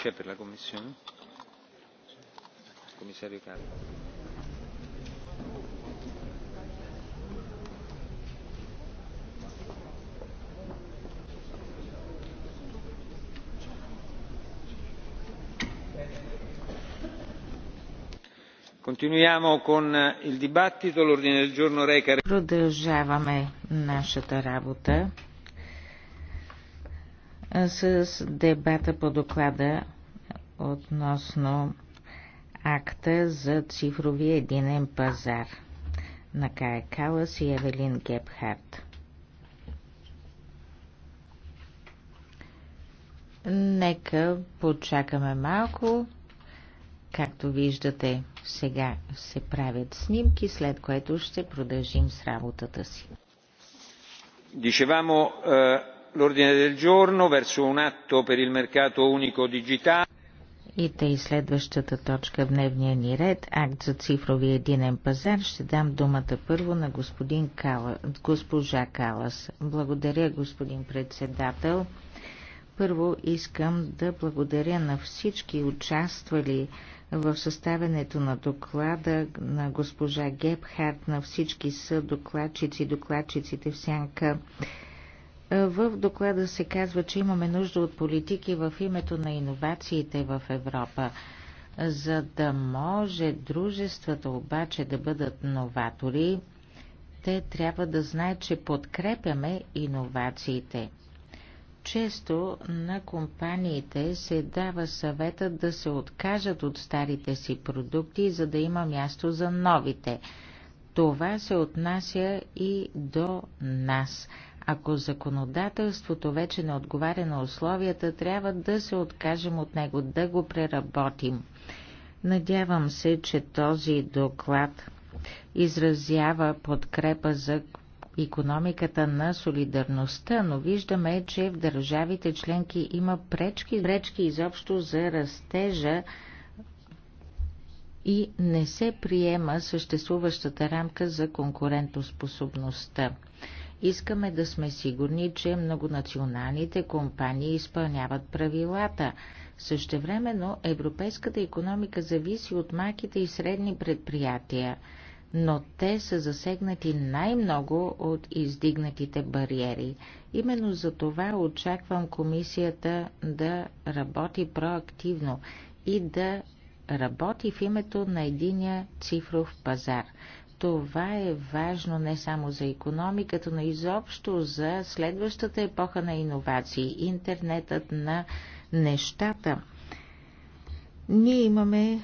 c'è per la Continuiamo con il dibattito. L'ordine del giorno reca. Продължаваме нашата работа с дебата по доклада относно акта за цифрови единен пазар на Кая Калас и Евелин Гепхарт. Нека почакаме малко. Както виждате, сега се правят снимки, след което ще продължим с работата си. Дишевамо, е, l'ordine del giorno verso un atto per il mercato unico digitale. И тъй следващата точка в дневния ни ред, акт за цифрови единен пазар, ще дам думата първо на господин Кала, госпожа Калас. Благодаря, господин председател. Първо искам да благодаря на всички участвали в съставянето на доклада на госпожа Гебхарт, на всички съдокладчици, докладчиците в сянка. В доклада се казва, че имаме нужда от политики в името на иновациите в Европа. За да може дружествата обаче да бъдат новатори, те трябва да знаят, че подкрепяме иновациите. Често на компаниите се дава съвета да се откажат от старите си продукти, за да има място за новите. Това се отнася и до нас – ако законодателството вече не отговаря на условията, трябва да се откажем от него, да го преработим. Надявам се, че този доклад изразява подкрепа за економиката на солидарността, но виждаме, че в държавите членки има пречки, пречки изобщо за растежа и не се приема съществуващата рамка за конкурентоспособността. Искаме да сме сигурни, че многонационалните компании изпълняват правилата. Същевременно европейската економика зависи от малките и средни предприятия, но те са засегнати най-много от издигнатите бариери. Именно за това очаквам комисията да работи проактивно и да работи в името на единия цифров пазар – това е важно не само за економиката, но изобщо за следващата епоха на иновации, интернетът на нещата. Ние имаме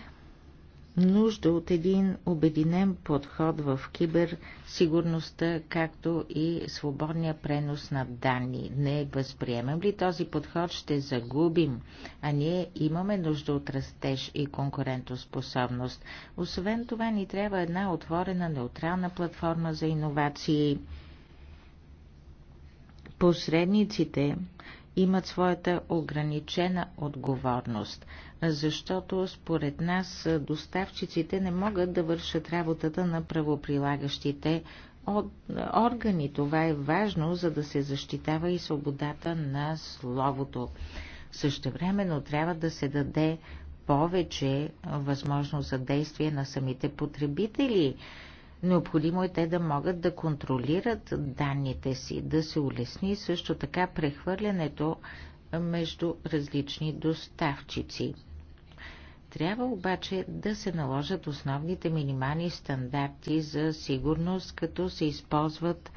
нужда от един обединен подход в киберсигурността, както и свободния пренос на данни. Не е възприемем ли този подход, ще загубим, а ние имаме нужда от растеж и конкурентоспособност. Освен това ни трябва една отворена неутрална платформа за иновации. Посредниците имат своята ограничена отговорност, защото според нас доставчиците не могат да вършат работата на правоприлагащите органи. Това е важно, за да се защитава и свободата на словото. Същевременно трябва да се даде повече възможност за действие на самите потребители. Необходимо е те да могат да контролират данните си, да се улесни също така прехвърлянето между различни доставчици. Трябва обаче да се наложат основните минимални стандарти за сигурност, като се използват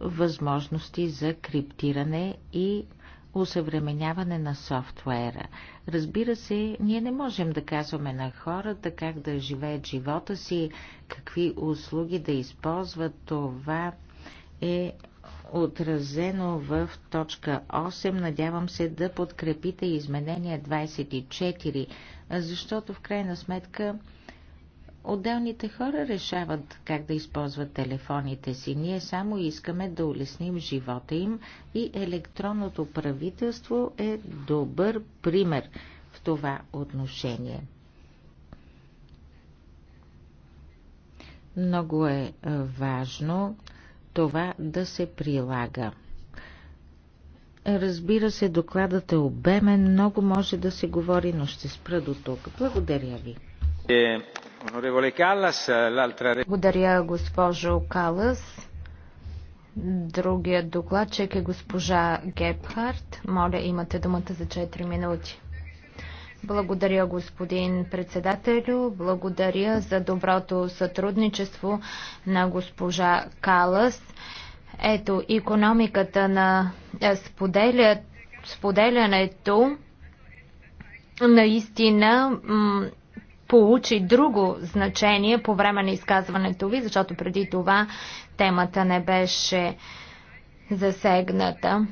възможности за криптиране и усъвременяване на софтуера. Разбира се, ние не можем да казваме на хората как да живеят живота си, какви услуги да използват. Това е отразено в точка 8. Надявам се да подкрепите изменение 24, защото в крайна сметка Отделните хора решават как да използват телефоните си. Ние само искаме да улесним живота им и електронното правителство е добър пример в това отношение. Много е, е важно това да се прилага. Разбира се, докладът е обемен, много може да се говори, но ще спра до тук. Благодаря ви. Е, благодаря, госпожо Калас. Другия докладчик е госпожа Гепхарт. Моля, имате думата за 4 минути. Благодаря, господин председателю. Благодаря за доброто сътрудничество на госпожа Калас. Ето, економиката на е, споделя, споделянето наистина получи друго значение по време на изказването ви, защото преди това темата не беше засегната.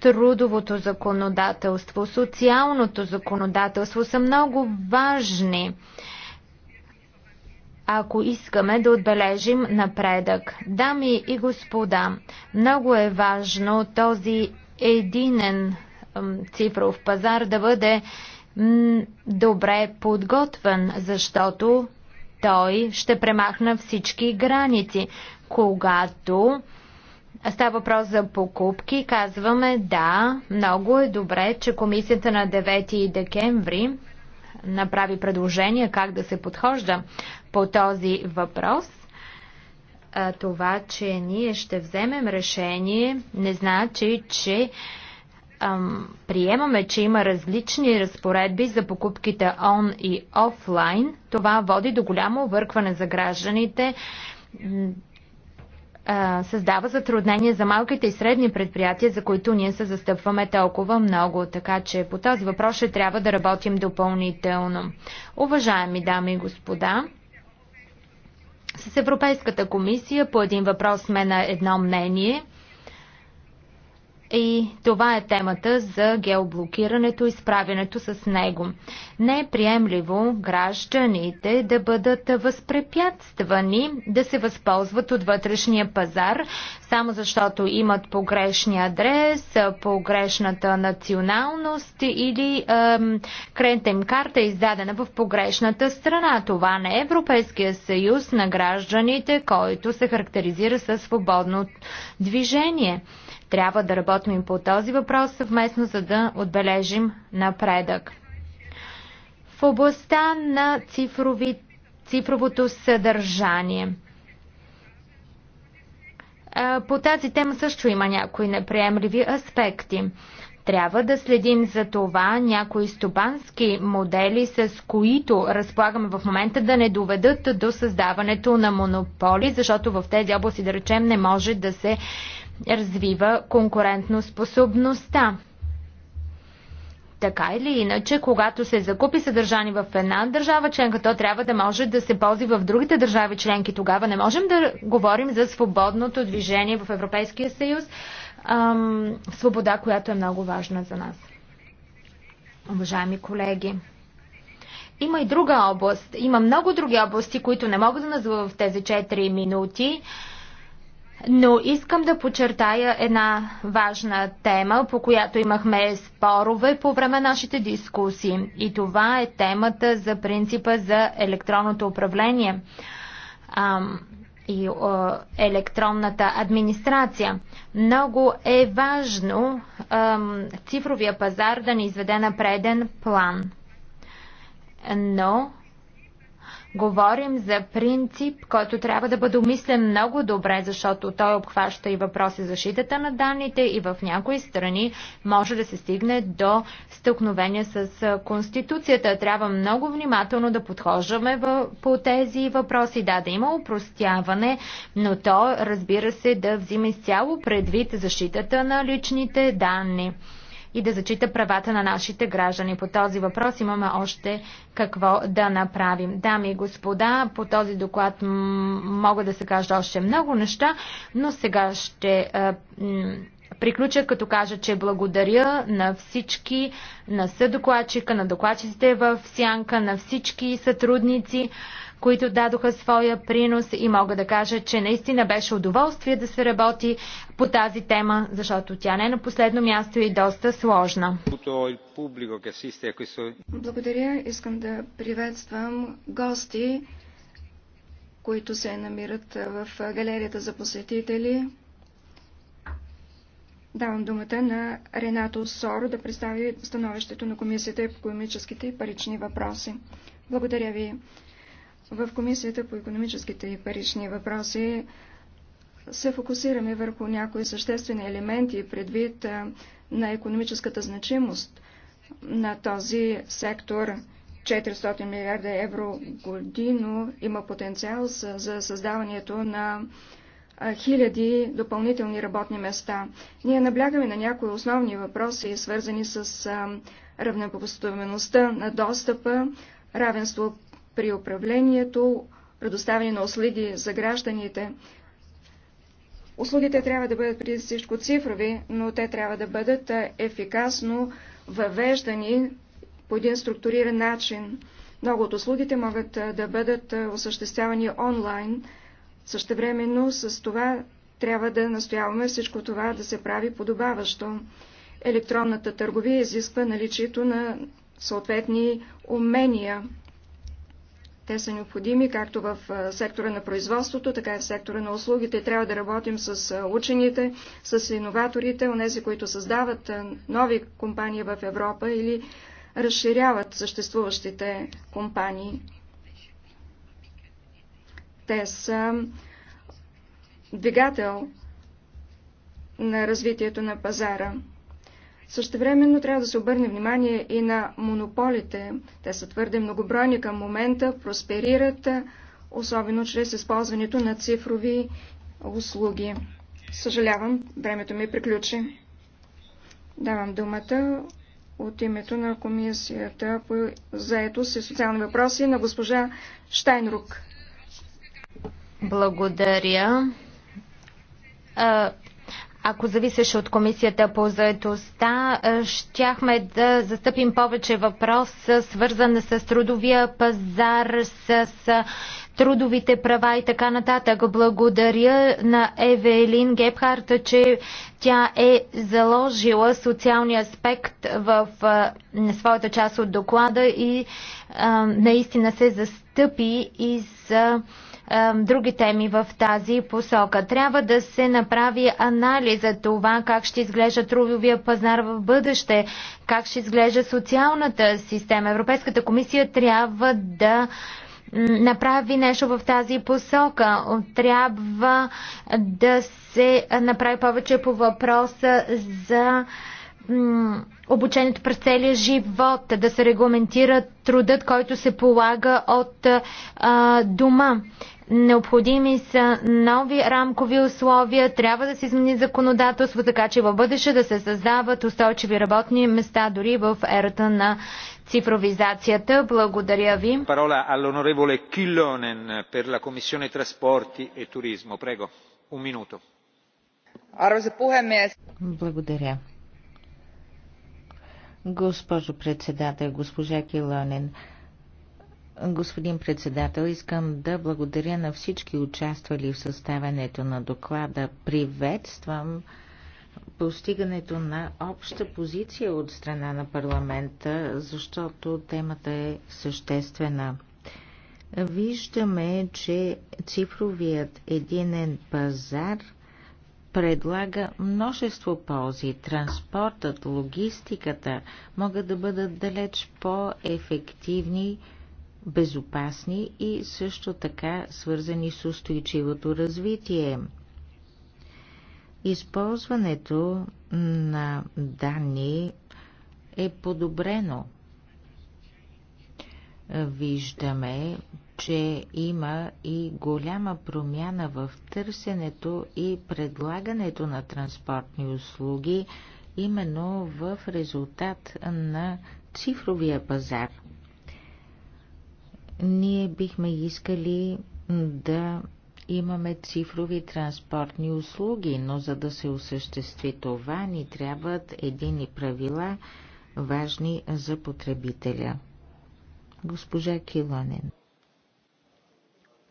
Трудовото законодателство, социалното законодателство са много важни ако искаме да отбележим напредък. Дами и господа, много е важно този единен цифров пазар да бъде добре подготвен, защото той ще премахна всички граници. Когато става въпрос за покупки, казваме да, много е добре, че комисията на 9 декември направи предложение как да се подхожда по този въпрос. Това, че ние ще вземем решение, не значи, че ам, приемаме, че има различни разпоредби за покупките он и офлайн, това води до голямо объркване за гражданите, създава затруднения за малките и средни предприятия, за които ние се застъпваме толкова много. Така че по този въпрос ще трябва да работим допълнително. Уважаеми дами и господа, с Европейската комисия по един въпрос сме на едно мнение – и това е темата за геоблокирането и справянето с него. Не е приемливо гражданите да бъдат възпрепятствани да се възползват от вътрешния пазар, само защото имат погрешния адрес, погрешната националност или ем, им карта е издадена в погрешната страна. Това не е Европейския съюз на гражданите, който се характеризира със свободно движение. Трябва да работим по този въпрос съвместно, за да отбележим напредък. В областта на цифрови, цифровото съдържание. По тази тема също има някои неприемливи аспекти. Трябва да следим за това някои стопански модели, с които разполагаме в момента, да не доведат до създаването на монополи, защото в тези области, да речем, не може да се развива конкурентноспособността. Така или иначе, когато се закупи съдържание в една държава членка, то трябва да може да се ползи в другите държави членки. Тогава не можем да говорим за свободното движение в Европейския съюз. Ам, свобода, която е много важна за нас. Уважаеми колеги, има и друга област. Има много други области, които не мога да назова в тези 4 минути. Но искам да подчертая една важна тема, по която имахме спорове по време на нашите дискусии. И това е темата за принципа за електронното управление и а, електронната администрация. Много е важно ам, цифровия пазар да ни изведе на преден план. Но Говорим за принцип, който трябва да бъде умислен много добре, защото той обхваща и въпроси за защитата на данните и в някои страни може да се стигне до стълкновение с Конституцията. Трябва много внимателно да подхождаме по тези въпроси. Да, да има упростяване, но то, разбира се, да взима изцяло предвид защитата на личните данни и да зачита правата на нашите граждани. По този въпрос имаме още какво да направим. Дами и господа, по този доклад мога да се кажа още много неща, но сега ще е, приключа като кажа, че благодаря на всички, на съдокладчика, на докладчиците в Сянка, на всички сътрудници които дадоха своя принос и мога да кажа, че наистина беше удоволствие да се работи по тази тема, защото тя не е на последно място и доста сложна. Благодаря. Искам да приветствам гости, които се намират в галерията за посетители. Давам думата на Ренато Соро да представи становището на Комисията по економическите и парични въпроси. Благодаря ви. В Комисията по економическите и парични въпроси се фокусираме върху някои съществени елементи предвид на економическата значимост на този сектор. 400 милиарда евро годино има потенциал за създаването на хиляди допълнителни работни места. Ние наблягаме на някои основни въпроси, свързани с равнопоставеността на достъпа, равенство при управлението, предоставяне на услуги за гражданите. Услугите трябва да бъдат преди всичко цифрови, но те трябва да бъдат ефикасно въвеждани по един структуриран начин. Много от услугите могат да бъдат осъществявани онлайн. Същевременно с това трябва да настояваме всичко това да се прави подобаващо. Електронната търговия изисква наличието на съответни умения. Те са необходими както в сектора на производството, така и в сектора на услугите. Трябва да работим с учените, с иноваторите, онези, които създават нови компании в Европа или разширяват съществуващите компании. Те са двигател на развитието на пазара. Същевременно трябва да се обърне внимание и на монополите. Те са твърде многобройни към момента, просперират, особено чрез използването на цифрови услуги. Съжалявам, времето ми приключи. Давам думата от името на Комисията по заетост и социални въпроси на госпожа Штайнрук. Благодаря ако зависеше от комисията по заедостта, е, щяхме да застъпим повече въпрос, свързан с трудовия пазар, с трудовите права и така нататък. Благодаря на Евелин Гепхарт, че тя е заложила социалния аспект в е, своята част от доклада и а, е, наистина се застъпи и за други теми в тази посока. Трябва да се направи анализ за това как ще изглежда трудовия пазар в бъдеще, как ще изглежда социалната система. Европейската комисия трябва да направи нещо в тази посока. Трябва да се направи повече по въпроса за обучението през целия живот, да се регламентира трудът, който се полага от а, дома. Необходими са нови рамкови условия, трябва да се измени законодателство, така че в бъдеще да се създават устойчиви работни места, дори в ерата на цифровизацията. Благодаря ви. Парола all'onorevole Kyllönen per la Commissione Trasporti e Turismo. Prego, un minuto. Arvoisa puhemies. Благодаря. Госпожо председател, госпожа Килонен, Господин председател, искам да благодаря на всички участвали в съставянето на доклада. Приветствам постигането на обща позиция от страна на парламента, защото темата е съществена. Виждаме, че цифровият единен пазар предлага множество ползи. Транспортът, логистиката могат да бъдат далеч по-ефективни безопасни и също така свързани с устойчивото развитие. Използването на данни е подобрено. Виждаме, че има и голяма промяна в търсенето и предлагането на транспортни услуги, именно в резултат на цифровия пазар – ние бихме искали да имаме цифрови транспортни услуги, но за да се осъществи това, ни трябват едини правила, важни за потребителя. Госпожа Килонен.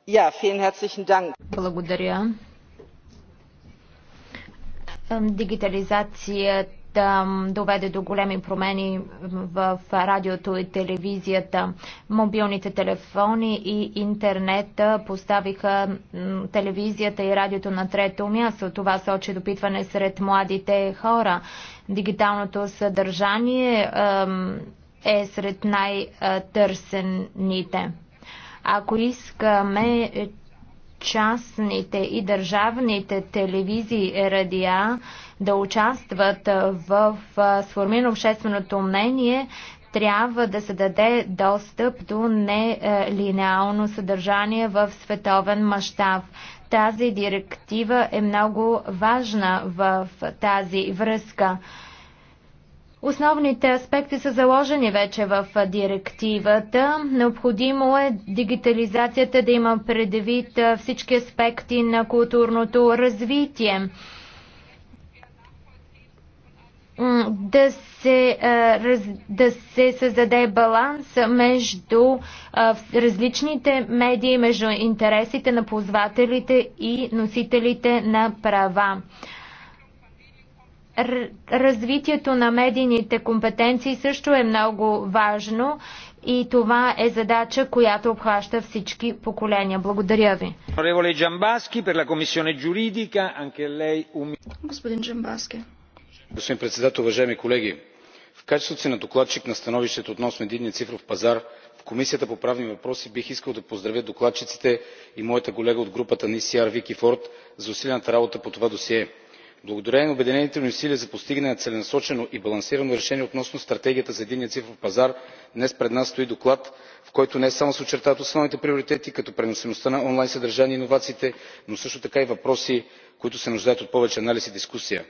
Dank. Благодаря. Дигитализацията доведе до големи промени в радиото и телевизията. Мобилните телефони и интернет поставиха телевизията и радиото на трето място. Това сочи допитване сред младите хора. Дигиталното съдържание е сред най-търсените. Ако искаме частните и държавните телевизии и радиа да участват в сформирано общественото мнение, трябва да се даде достъп до нелинеално съдържание в световен мащаб. Тази директива е много важна в тази връзка. Основните аспекти са заложени вече в директивата. Необходимо е дигитализацията да има предвид всички аспекти на културното развитие. Да се, да се създаде баланс между различните медии, между интересите на ползвателите и носителите на права. Развитието на медийните компетенции също е много важно и това е задача, която обхваща всички поколения. Благодаря ви. Господин Джамбаски. Господин председател, уважаеми колеги! В качеството си на докладчик на становището относно единния цифров пазар в Комисията по правни въпроси бих искал да поздравя докладчиците и моята колега от групата на ИСР Вики Форд за усилената работа по това досие благодарение на обединените ни усилия за постигане на целенасочено и балансирано решение относно стратегията за единния цифров пазар днес пред нас стои доклад в който не само се очертават основните приоритети като преносимостта на онлайн съдържание и иновациите но също така и въпроси които се нуждаят от повече анализ и дискусия.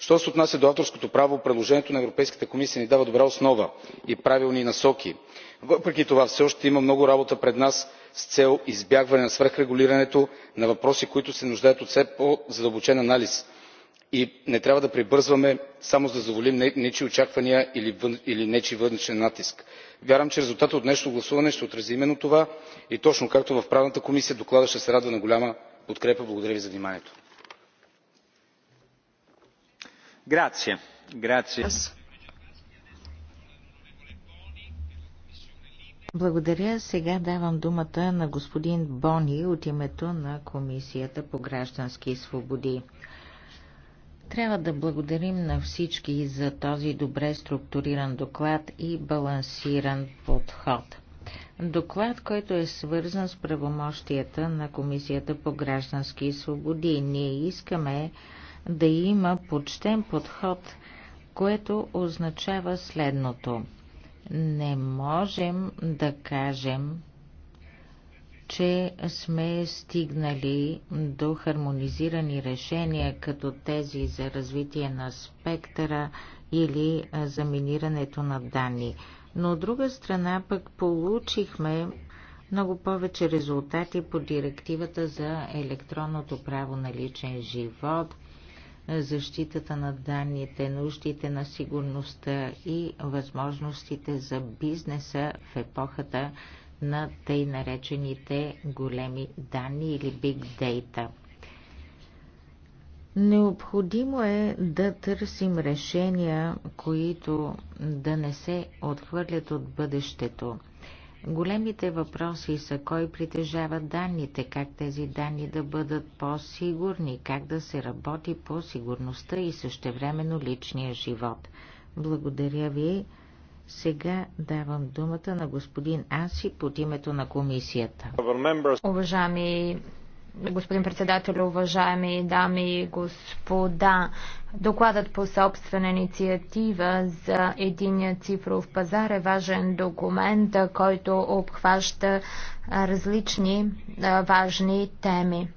що се отнася до авторското право предложението на европейската комисия ни дава добра основа и правилни насоки. въпреки това все още има много работа пред нас с цел избягване на свръхрегулирането на въпроси които се нуждаят от все по задълбочен анализ и не трябва да прибързваме само за да задоволим нечии очаквания или нечий външен натиск. вярвам че резултатът от днешното гласуване ще отрази именно това и точно както в правната комисия докладът ще се радва на голяма подкрепа. благодаря ви за вниманието. Благодаря. Сега давам думата на господин Бони от името на Комисията по граждански свободи. Трябва да благодарим на всички за този добре структуриран доклад и балансиран подход. Доклад, който е свързан с правомощията на Комисията по граждански свободи. Ние искаме да има почтен подход, което означава следното. Не можем да кажем, че сме стигнали до хармонизирани решения, като тези за развитие на спектъра или за минирането на данни. Но от друга страна пък получихме много повече резултати по директивата за електронното право на личен живот, защитата на данните, нуждите на сигурността и възможностите за бизнеса в епохата на тъй наречените големи данни или Big Data. Необходимо е да търсим решения, които да не се отхвърлят от бъдещето. Големите въпроси са кой притежава данните, как тези данни да бъдат по-сигурни, как да се работи по сигурността и същевременно личния живот. Благодаря ви. Сега давам думата на господин Аси под името на комисията. Уважаеми господин председател, уважаеми дами и господа, докладът по собствена инициатива за единия цифров пазар е важен документ, който обхваща различни важни теми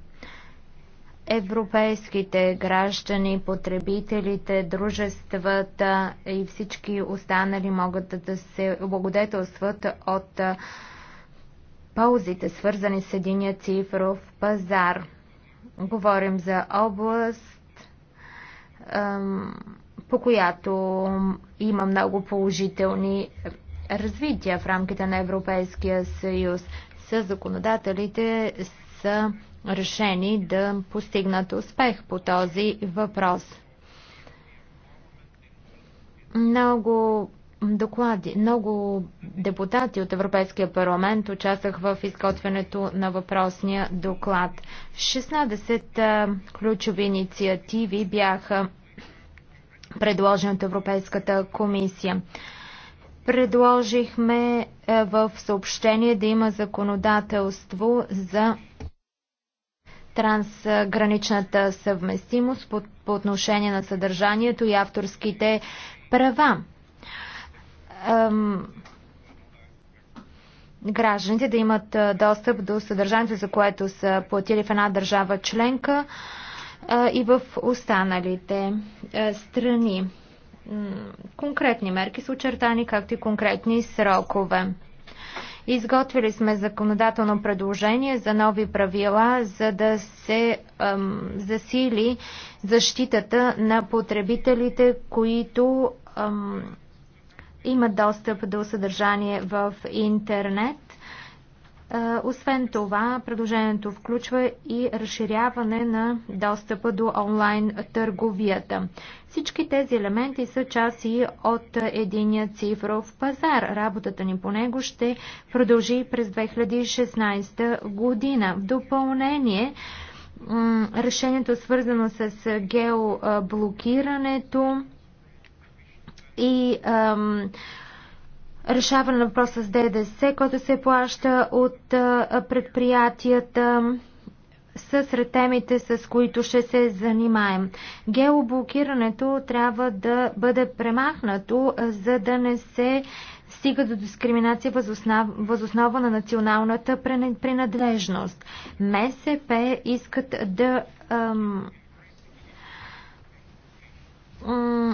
европейските граждани, потребителите, дружествата и всички останали могат да се облагодетелстват от ползите, свързани с единия цифров пазар. Говорим за област, по която има много положителни развития в рамките на Европейския съюз. С законодателите са решени да постигнат успех по този въпрос. Много доклади, много депутати от Европейския парламент участвах в изготвянето на въпросния доклад. 16 ключови инициативи бяха предложени от Европейската комисия. Предложихме в съобщение да има законодателство за трансграничната съвместимост по, по отношение на съдържанието и авторските права. Ам, гражданите да имат достъп до съдържанието, за което са платили в една държава членка а, и в останалите а, страни. Конкретни мерки са очертани, както и конкретни срокове. Изготвили сме законодателно предложение за нови правила, за да се ам, засили защитата на потребителите, които ам, имат достъп до съдържание в интернет. Е, освен това, предложението включва и разширяване на достъпа до онлайн търговията. Всички тези елементи са част и от единия цифров пазар. Работата ни по него ще продължи през 2016 година. В допълнение, решението свързано с геоблокирането и ам, решаване на въпроса с ДДС, който се плаща от предприятията са сред темите, с които ще се занимаем. Геоблокирането трябва да бъде премахнато, за да не се стига до дискриминация възоснова, възоснова на националната принадлежност. МСП искат да ам,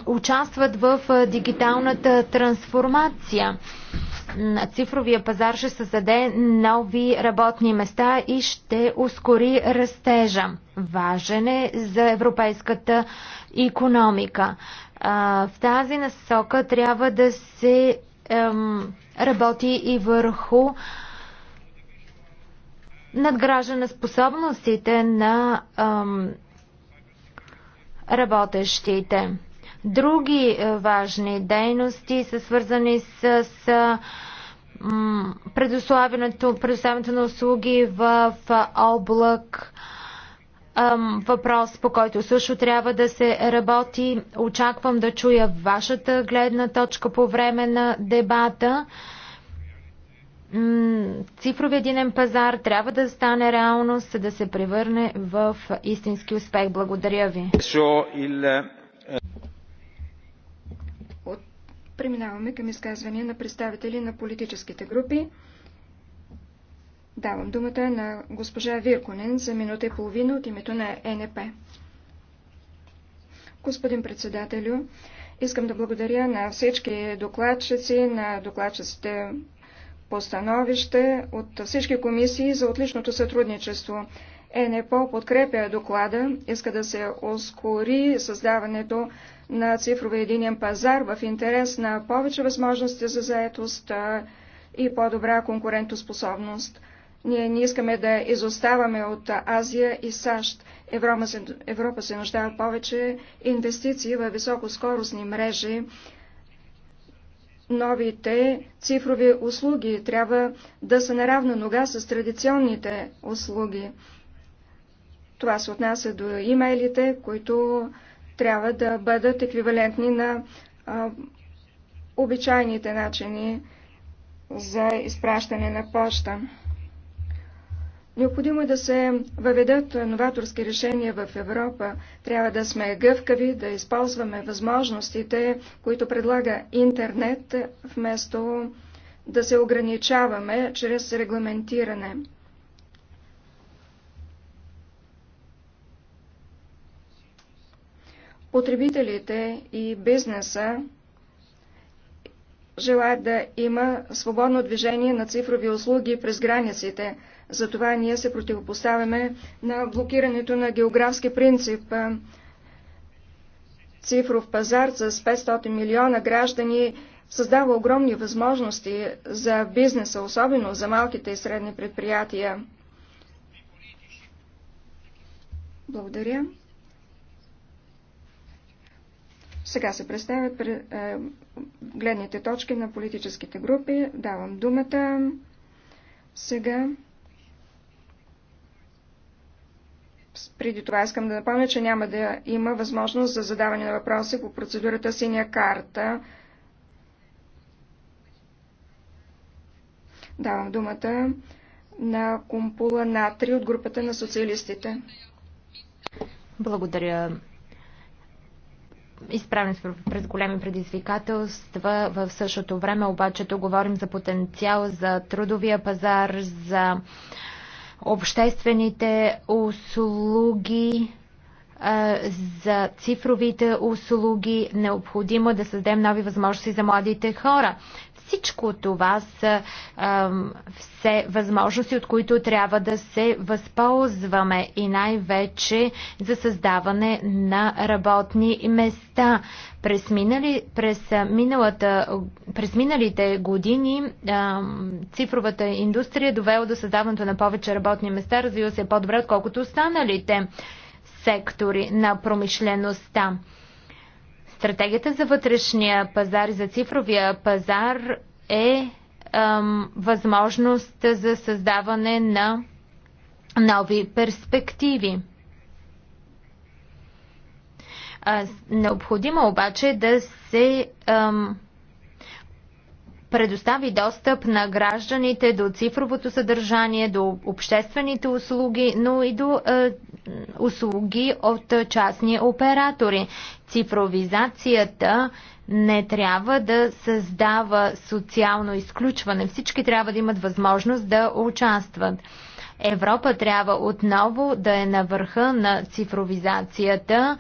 участват в дигиталната трансформация. Цифровия пазар ще създаде нови работни места и ще ускори растежа. Важен е за европейската економика. В тази насока трябва да се работи и върху на способностите на работещите. Други е, важни дейности са свързани с, с предоставянето, предоставянето на услуги в, в облак. Въпрос, по който също трябва да се работи. Очаквам да чуя вашата гледна точка по време на дебата цифрови единен пазар трябва да стане реалност, да се превърне в истински успех. Благодаря ви. Е, преминаваме към изказвания на представители на политическите групи. Давам думата на госпожа Вирконен за минута и половина от името на ЕНП. Господин председателю, искам да благодаря на всички докладчици, на докладчиците постановище от всички комисии за отличното сътрудничество. ЕНЕПО подкрепя доклада, иска да се ускори създаването на цифрове единен пазар в интерес на повече възможности за заетост и по-добра конкурентоспособност. Ние не искаме да изоставаме от Азия и САЩ. Европа се, Европа се нуждае повече инвестиции в високоскоростни мрежи, новите цифрови услуги трябва да са наравна нога с традиционните услуги. Това се отнася до имейлите, които трябва да бъдат еквивалентни на а, обичайните начини за изпращане на почта. Необходимо е да се въведат новаторски решения в Европа. Трябва да сме гъвкави, да използваме възможностите, които предлага интернет, вместо да се ограничаваме чрез регламентиране. Потребителите и бизнеса желаят да има свободно движение на цифрови услуги през границите – затова ние се противопоставяме на блокирането на географски принцип. Цифров пазар с 500 милиона граждани създава огромни възможности за бизнеса, особено за малките и средни предприятия. Благодаря. Сега се представят е, гледните точки на политическите групи. Давам думата сега Преди това искам да напомня, че няма да има възможност за задаване на въпроси по процедурата синя карта. Давам думата на Компула Натри от групата на социалистите. Благодаря. Изправен през големи предизвикателства. В същото време обаче тук говорим за потенциал, за трудовия пазар, за обществените услуги, за цифровите услуги. Необходимо да създадем нови възможности за младите хора. Всичко това са ам, все възможности, от които трябва да се възползваме и най-вече за създаване на работни места. През, минали, през, миналата, през миналите години цифровата индустрия довела до създаването на повече работни места, развива се по-добре, отколкото останалите сектори на промишлеността. Стратегията за вътрешния пазар и за цифровия пазар е ам, възможност за създаване на нови перспективи. А, необходимо обаче да се ам, предостави достъп на гражданите до цифровото съдържание, до обществените услуги, но и до е, услуги от частни оператори. Цифровизацията не трябва да създава социално изключване. Всички трябва да имат възможност да участват. Европа трябва отново да е на върха на цифровизацията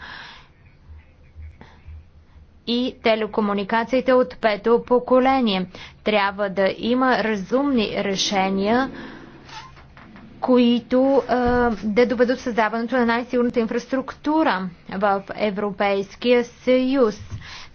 и телекомуникациите от пето поколение. Трябва да има разумни решения, които а, да доведат създаването на най-силната инфраструктура в Европейския съюз.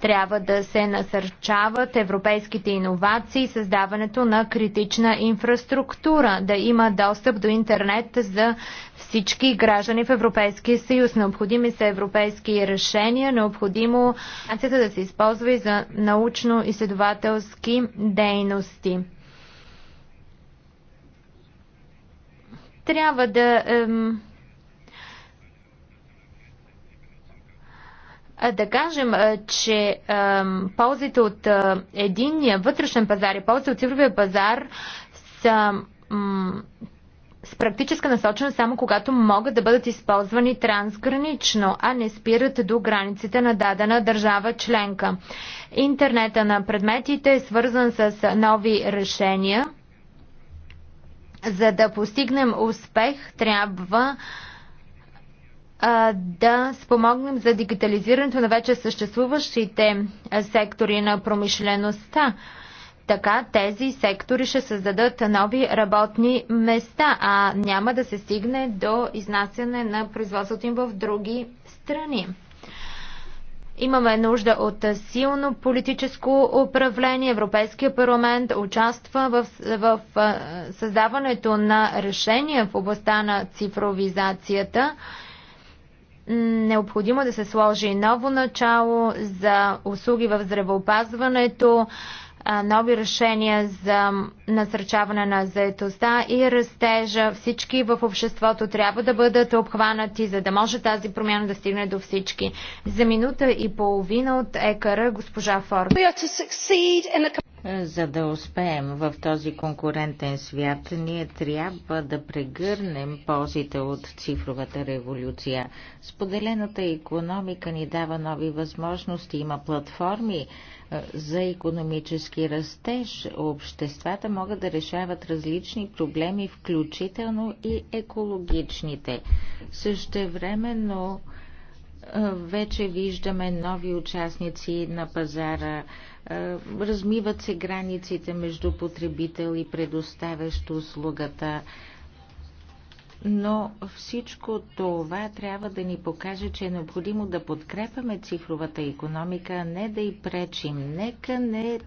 Трябва да се насърчават европейските иновации, създаването на критична инфраструктура, да има достъп до интернет за всички граждани в Европейския съюз. Необходими са европейски решения, необходимо е да се използва и за научно-изследователски дейности. Трябва да. Да кажем, е, че ползите от е, единния вътрешен пазар и ползите от цифровия пазар са с практическа насоченост само когато могат да бъдат използвани трансгранично, а не спират до границите на дадена държава членка. Интернета на предметите е свързан с нови решения – за да постигнем успех, трябва а, да спомогнем за дигитализирането на вече съществуващите сектори на промишлеността. Така тези сектори ще създадат нови работни места, а няма да се стигне до изнасяне на производството им в други страни. Имаме нужда от силно политическо управление. Европейския парламент участва в, в създаването на решения в областта на цифровизацията. Необходимо да се сложи ново начало за услуги в здравеопазването, нови решения за насърчаване на заетостта и растежа. Всички в обществото трябва да бъдат обхванати, за да може тази промяна да стигне до всички. За минута и половина от екара госпожа Форд. За да успеем в този конкурентен свят, ние трябва да прегърнем ползите от цифровата революция. Споделената економика ни дава нови възможности, има платформи, за економически растеж. Обществата могат да решават различни проблеми, включително и екологичните. Същевременно вече виждаме нови участници на пазара, размиват се границите между потребител и предоставящ услугата но всичко това трябва да ни покаже, че е необходимо да подкрепяме цифровата економика, а не да й пречим. Нека не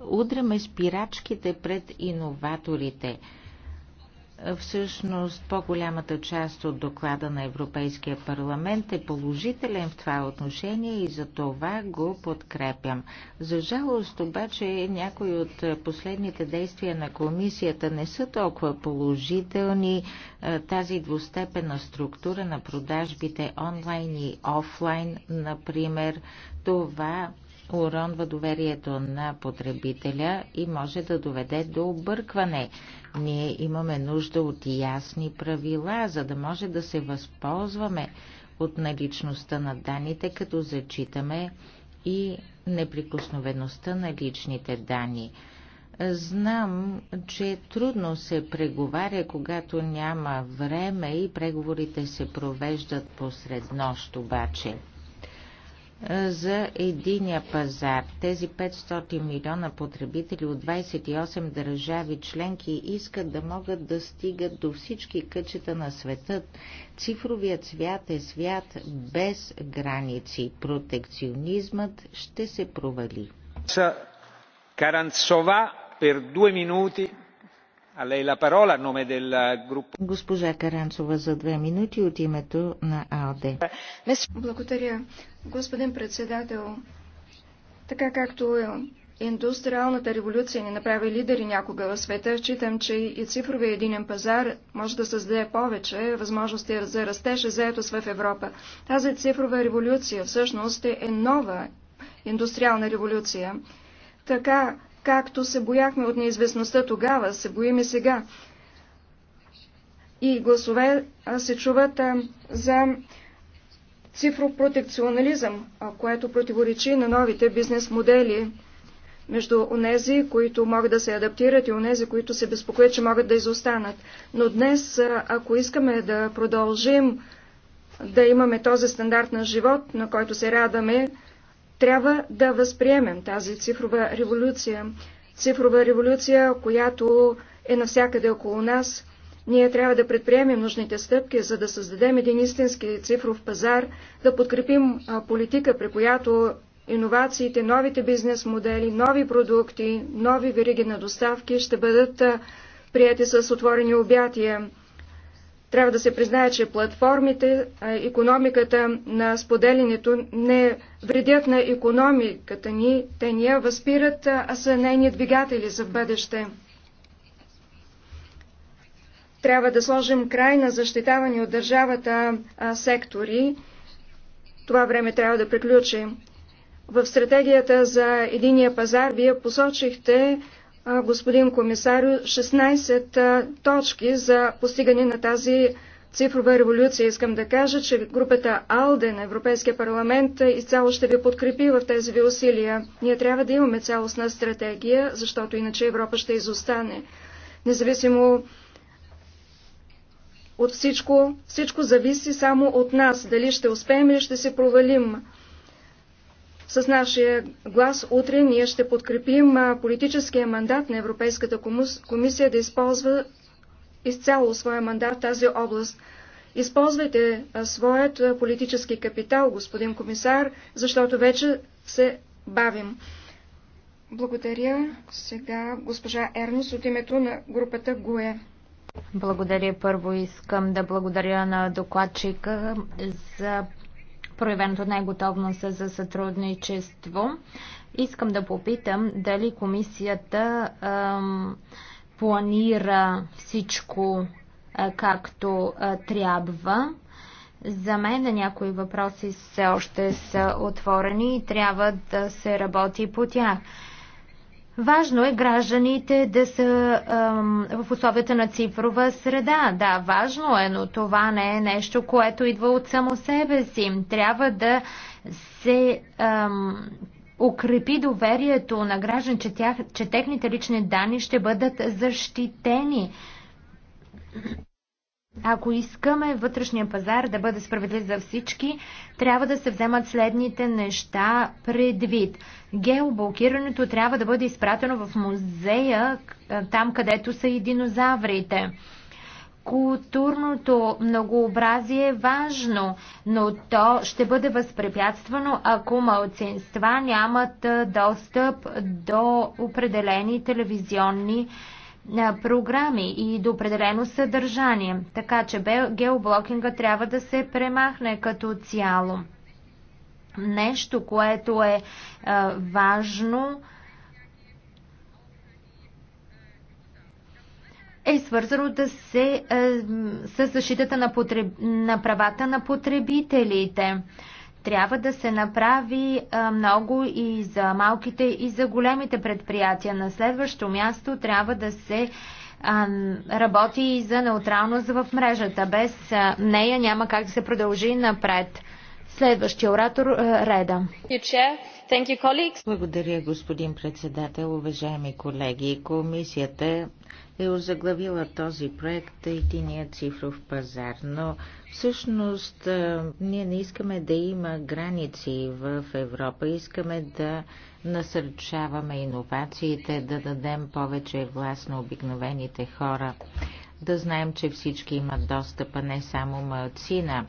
удряме спирачките пред иноваторите. Всъщност, по-голямата част от доклада на Европейския парламент е положителен в това отношение и за това го подкрепям. За жалост обаче някои от последните действия на комисията не са толкова положителни. Е, тази двустепена структура на продажбите онлайн и офлайн, например, това уронва доверието на потребителя и може да доведе до объркване. Ние имаме нужда от ясни правила, за да може да се възползваме от наличността на данните, като зачитаме и неприкосновеността на личните данни. Знам, че трудно се преговаря, когато няма време и преговорите се провеждат посред нощ обаче за единия пазар. Тези 500 милиона потребители от 28 държави членки искат да могат да стигат до всички къчета на света. Цифровият свят е свят без граници. Протекционизмът ще се провали. Каранцова, пер 2 минути. Госпожа Каранцова за две минути от името на АОД. Благодаря, господин председател. Така както индустриалната революция ни направи лидери някога в света, считам, че и цифровия единен пазар може да създаде повече възможности за растеж и заетост в Европа. Тази цифрова революция всъщност е нова индустриална революция. Така Както се бояхме от неизвестността тогава, се боим и сега. И гласове се чуват за цифропротекционализъм, което противоречи на новите бизнес модели между онези, които могат да се адаптират и онези, които се безпокоят, че могат да изостанат. Но днес, ако искаме да продължим да имаме този стандарт на живот, на който се радаме, трябва да възприемем тази цифрова революция. Цифрова революция, която е навсякъде около нас. Ние трябва да предприемем нужните стъпки, за да създадем един истински цифров пазар, да подкрепим политика, при която иновациите, новите бизнес модели, нови продукти, нови вериги на доставки ще бъдат прияти с отворени обятия. Трябва да се признае, че платформите, економиката на споделянето не вредят на економиката ни, те ни я възпират, а са нейни двигатели за бъдеще. Трябва да сложим край на защитавани от държавата сектори. Това време трябва да приключи. В стратегията за единия пазар вие посочихте господин комисар, 16 точки за постигане на тази цифрова революция. Искам да кажа, че групата АЛДЕ на Европейския парламент изцяло ще ви подкрепи в тези ви усилия. Ние трябва да имаме цялостна стратегия, защото иначе Европа ще изостане. Независимо от всичко, всичко зависи само от нас, дали ще успеем или ще се провалим. С нашия глас утре ние ще подкрепим политическия мандат на Европейската комисия да използва изцяло своя мандат в тази област. Използвайте своят политически капитал, господин комисар, защото вече се бавим. Благодаря сега госпожа Ернис от името на групата ГУЕ. Благодаря. Първо искам да благодаря на докладчика за проявеното най за сътрудничество. Искам да попитам дали комисията планира всичко както трябва. За мен някои въпроси все още са отворени и трябва да се работи по тях. Важно е гражданите да са ам, в условията на цифрова среда. Да, важно е, но това не е нещо, което идва от само себе си. Трябва да се ам, укрепи доверието на граждан, че, тях, че техните лични данни ще бъдат защитени. Ако искаме вътрешния пазар да бъде справедлив за всички, трябва да се вземат следните неща предвид. Геоблокирането трябва да бъде изпратено в музея, там където са и динозаврите. Културното многообразие е важно, но то ще бъде възпрепятствано, ако малцинства нямат достъп до определени телевизионни програми и до определено съдържание. Така че геоблокинга трябва да се премахне като цяло. Нещо, което е важно, е свързано да се, е, с защитата на, потреб... на правата на потребителите. Трябва да се направи много и за малките и за големите предприятия. На следващо място трябва да се работи и за неутралност в мрежата. Без нея няма как да се продължи напред. Следващия оратор Реда. Благодаря, господин председател, уважаеми колеги. Комисията е озаглавила този проект Единия цифров пазар, но Всъщност, ние не искаме да има граници в Европа, искаме да насърчаваме иновациите, да дадем повече власт на обикновените хора, да знаем, че всички имат достъпа, не само малцина.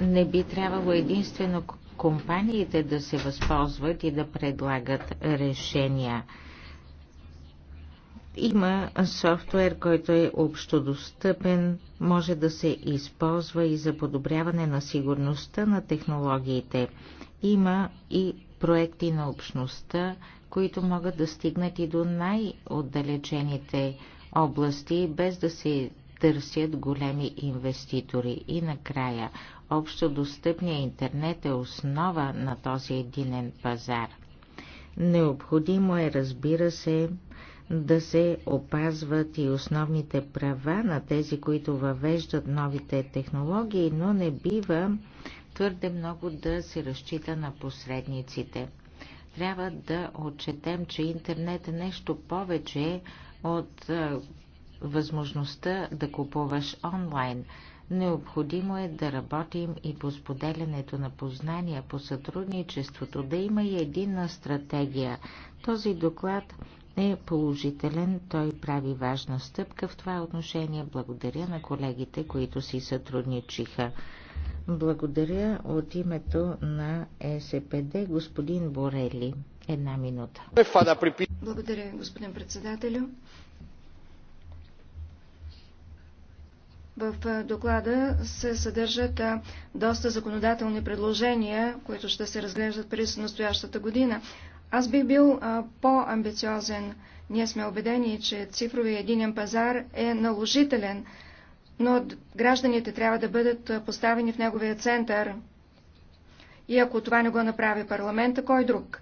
Не би трябвало единствено компаниите да се възползват и да предлагат решения. Има софтуер, който е достъпен, може да се използва и за подобряване на сигурността на технологиите. Има и проекти на общността, които могат да стигнат и до най-отдалечените области, без да се търсят големи инвеститори. И накрая, общо достъпния интернет е основа на този единен пазар. Необходимо е, разбира се, да се опазват и основните права на тези, които въвеждат новите технологии, но не бива твърде много да се разчита на посредниците. Трябва да отчетем, че интернет е нещо повече от възможността да купуваш онлайн. Необходимо е да работим и по споделянето на познания, по сътрудничеството, да има и единна стратегия. Този доклад е положителен. Той прави важна стъпка в това отношение. Благодаря на колегите, които си сътрудничиха. Благодаря от името на е СПД господин Борели. Една минута. Благодаря, господин председателю. В доклада се съдържат доста законодателни предложения, които ще се разглеждат през настоящата година. Аз бих бил по-амбициозен. Ние сме убедени, че цифровия единен пазар е наложителен, но гражданите трябва да бъдат поставени в неговия център. И ако това не го направи парламента, кой друг?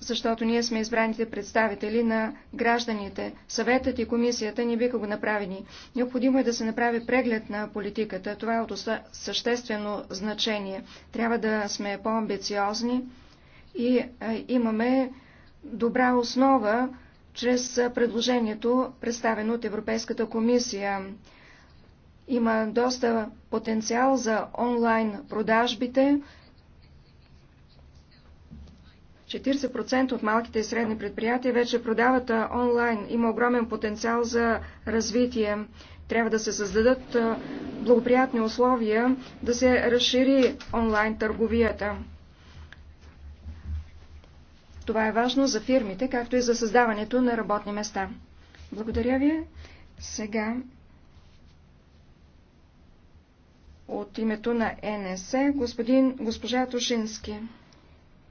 Защото ние сме избраните представители на гражданите. Съветът и комисията не биха го направени. Необходимо е да се направи преглед на политиката. Това е от съществено значение. Трябва да сме по-амбициозни и е, имаме добра основа чрез е, предложението, представено от Европейската комисия. Има доста потенциал за онлайн продажбите. 40% от малките и средни предприятия вече продават е, онлайн. Има огромен потенциал за развитие. Трябва да се създадат благоприятни условия да се разшири онлайн търговията. Това е важно за фирмите, както и за създаването на работни места. Благодаря ви. Сега от името на НС господин, госпожа Тушински.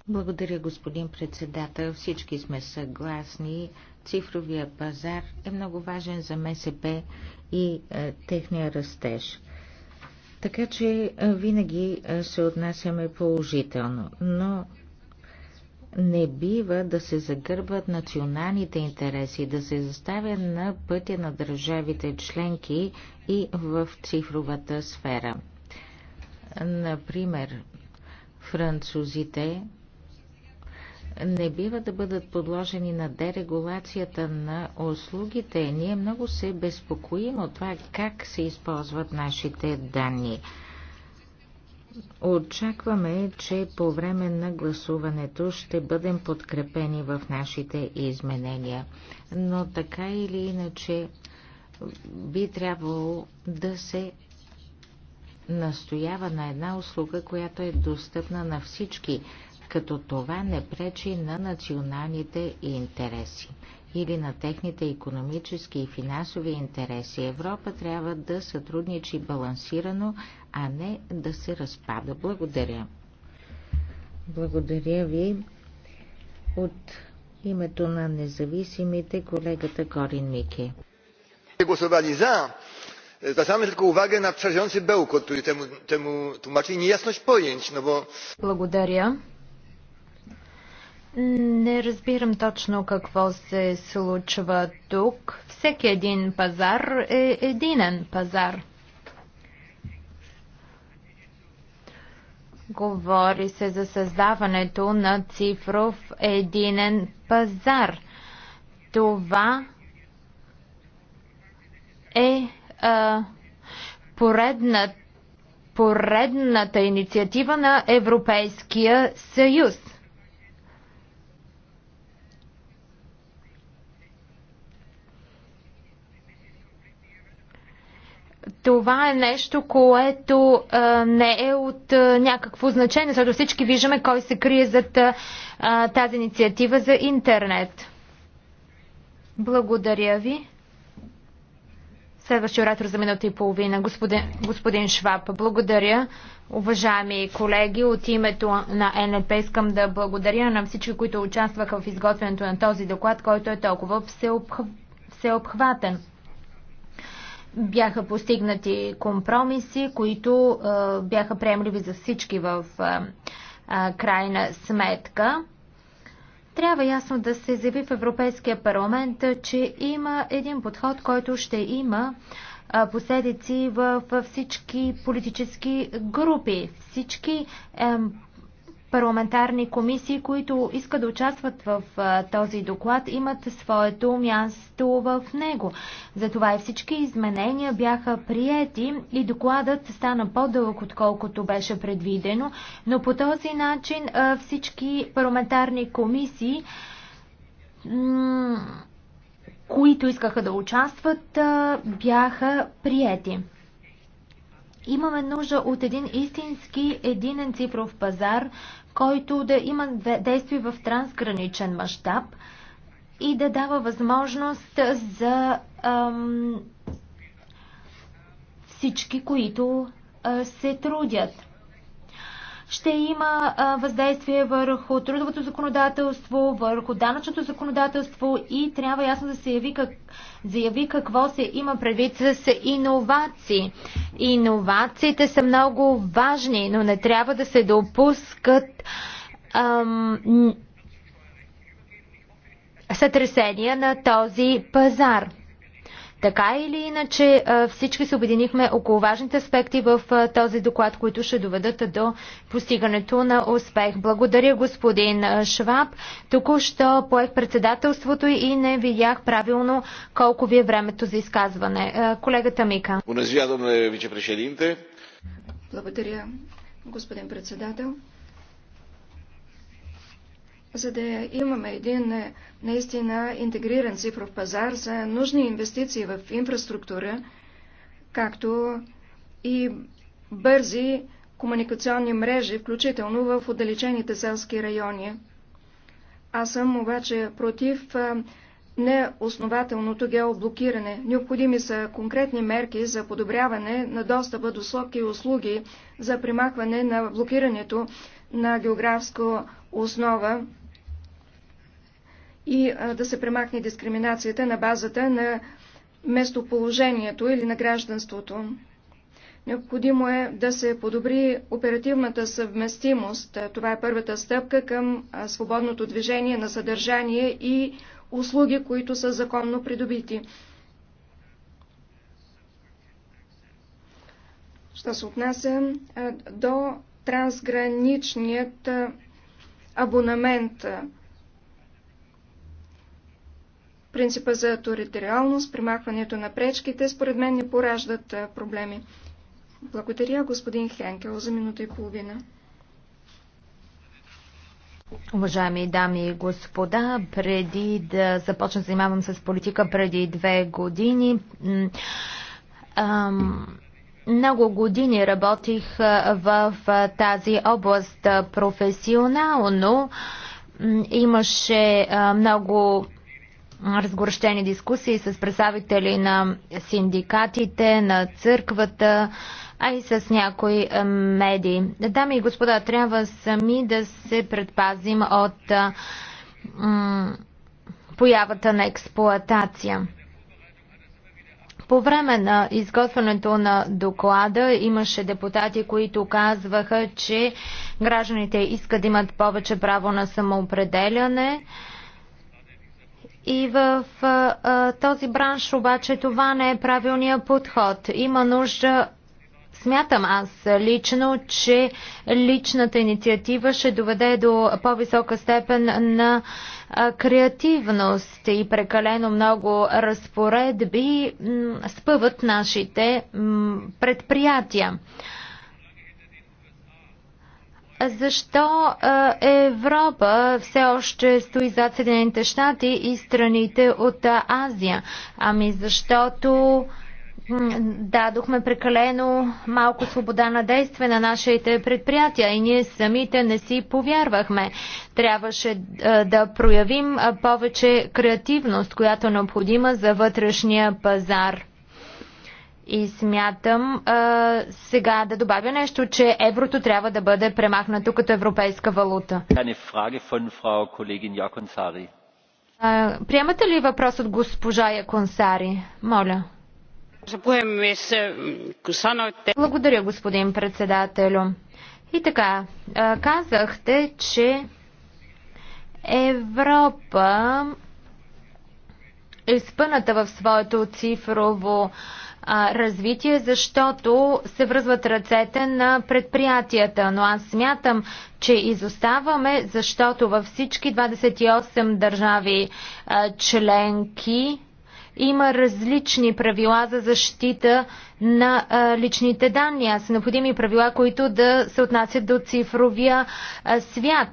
Благодаря, господин председател. Всички сме съгласни. Цифровия пазар е много важен за МСП и е, техния растеж. Така че е, винаги е, се отнасяме положително, но не бива да се загърбват националните интереси, да се заставя на пътя на държавите членки и в цифровата сфера. Например, французите не бива да бъдат подложени на дерегулацията на услугите. Ние много се безпокоим от това как се използват нашите данни. Очакваме, че по време на гласуването ще бъдем подкрепени в нашите изменения. Но така или иначе би трябвало да се настоява на една услуга, която е достъпна на всички, като това не пречи на националните интереси или на техните економически и финансови интереси. Европа трябва да сътрудничи балансирано, а не да се разпада. Благодаря. Благодаря ви. От името на независимите колегата Корин Мики. Гласували за. Zwracamy tylko uwagę na przerażający bełkot, który temu, temu tłumaczy niejasność pojęć, no bo... Благодаря. Не разбирам точно какво се случва тук. Всеки един пазар е единен пазар. Говори се за създаването на цифров единен пазар. Това е а, поредна, поредната инициатива на Европейския съюз. това е нещо, което а, не е от а, някакво значение, защото всички виждаме кой се крие за тази инициатива за интернет. Благодаря ви. Следващия оратор за минута и половина, господин, господин Шваб. Благодаря, уважаеми колеги, от името на НЛП искам да благодаря на всички, които участваха в изготвянето на този доклад, който е толкова всеобх... всеобхватен бяха постигнати компромиси, които а, бяха приемливи за всички в а, а, крайна сметка. Трябва ясно да се заяви в Европейския парламент, че има един подход, който ще има последици във всички политически групи. Всички парламентарни комисии, които искат да участват в този доклад, имат своето място в него. Затова и всички изменения бяха приети и докладът стана по-дълъг, отколкото беше предвидено, но по този начин всички парламентарни комисии които искаха да участват, бяха приети. Имаме нужда от един истински единен цифров пазар, който да има действие в трансграничен мащаб и да дава възможност за ам, всички, които а, се трудят ще има въздействие върху трудовото законодателство, върху данъчното законодателство и трябва ясно да се яви как, заяви какво се има предвид с иновации. Иновациите са много важни, но не трябва да се допускат ам, сътресения на този пазар. Така или иначе, всички се обединихме около важните аспекти в този доклад, които ще доведат до постигането на успех. Благодаря, господин Шваб. Току-що поех председателството и не видях правилно колко ви е времето за изказване. Колегата Мика. Благодаря, господин председател. За да имаме един е, наистина интегриран цифров пазар, за нужни инвестиции в инфраструктура, както и бързи комуникационни мрежи, включително в отдалечените селски райони. Аз съм обаче против е, неоснователното геоблокиране. Необходими са конкретни мерки за подобряване на достъпа до слабки и услуги, за примахване на блокирането на географска основа и да се премахне дискриминацията на базата на местоположението или на гражданството. Необходимо е да се подобри оперативната съвместимост. Това е първата стъпка към свободното движение на съдържание и услуги, които са законно придобити. Що се отнася до трансграничният абонамент, принципа за териториалност, примахването на пречките, според мен не пораждат проблеми. Благодаря, господин Хенкел, за минута и половина. Уважаеми дами и господа, преди да започна да занимавам с политика преди две години, много години работих в тази област професионално. Имаше много разгорещени дискусии с представители на синдикатите, на църквата, а и с някои е, медии. Дами и господа, трябва сами да се предпазим от е, появата на експлоатация. По време на изготвянето на доклада имаше депутати, които казваха, че гражданите искат да имат повече право на самоопределяне. И в а, а, този бранш обаче това не е правилният подход. Има нужда, смятам аз лично, че личната инициатива ще доведе до по-висока степен на а, креативност и прекалено много разпоредби спъват нашите предприятия. Защо Европа все още стои зад Съединените щати и страните от Азия? Ами защото дадохме прекалено малко свобода на действие на нашите предприятия и ние самите не си повярвахме. Трябваше да проявим повече креативност, която е необходима за вътрешния пазар. И смятам а, сега да добавя нещо, че еврото трябва да бъде премахнато като европейска валута. А, приемате ли въпрос от госпожа Яконсари? Моля. Благодаря, господин председателю. И така, казахте, че Европа е спъната в своето цифрово а, развитие, защото се връзват ръцете на предприятията. Но аз смятам, че изоставаме, защото във всички 28 държави а, членки има различни правила за защита на а, личните данни. Аз са необходими правила, които да се отнасят до цифровия а, свят.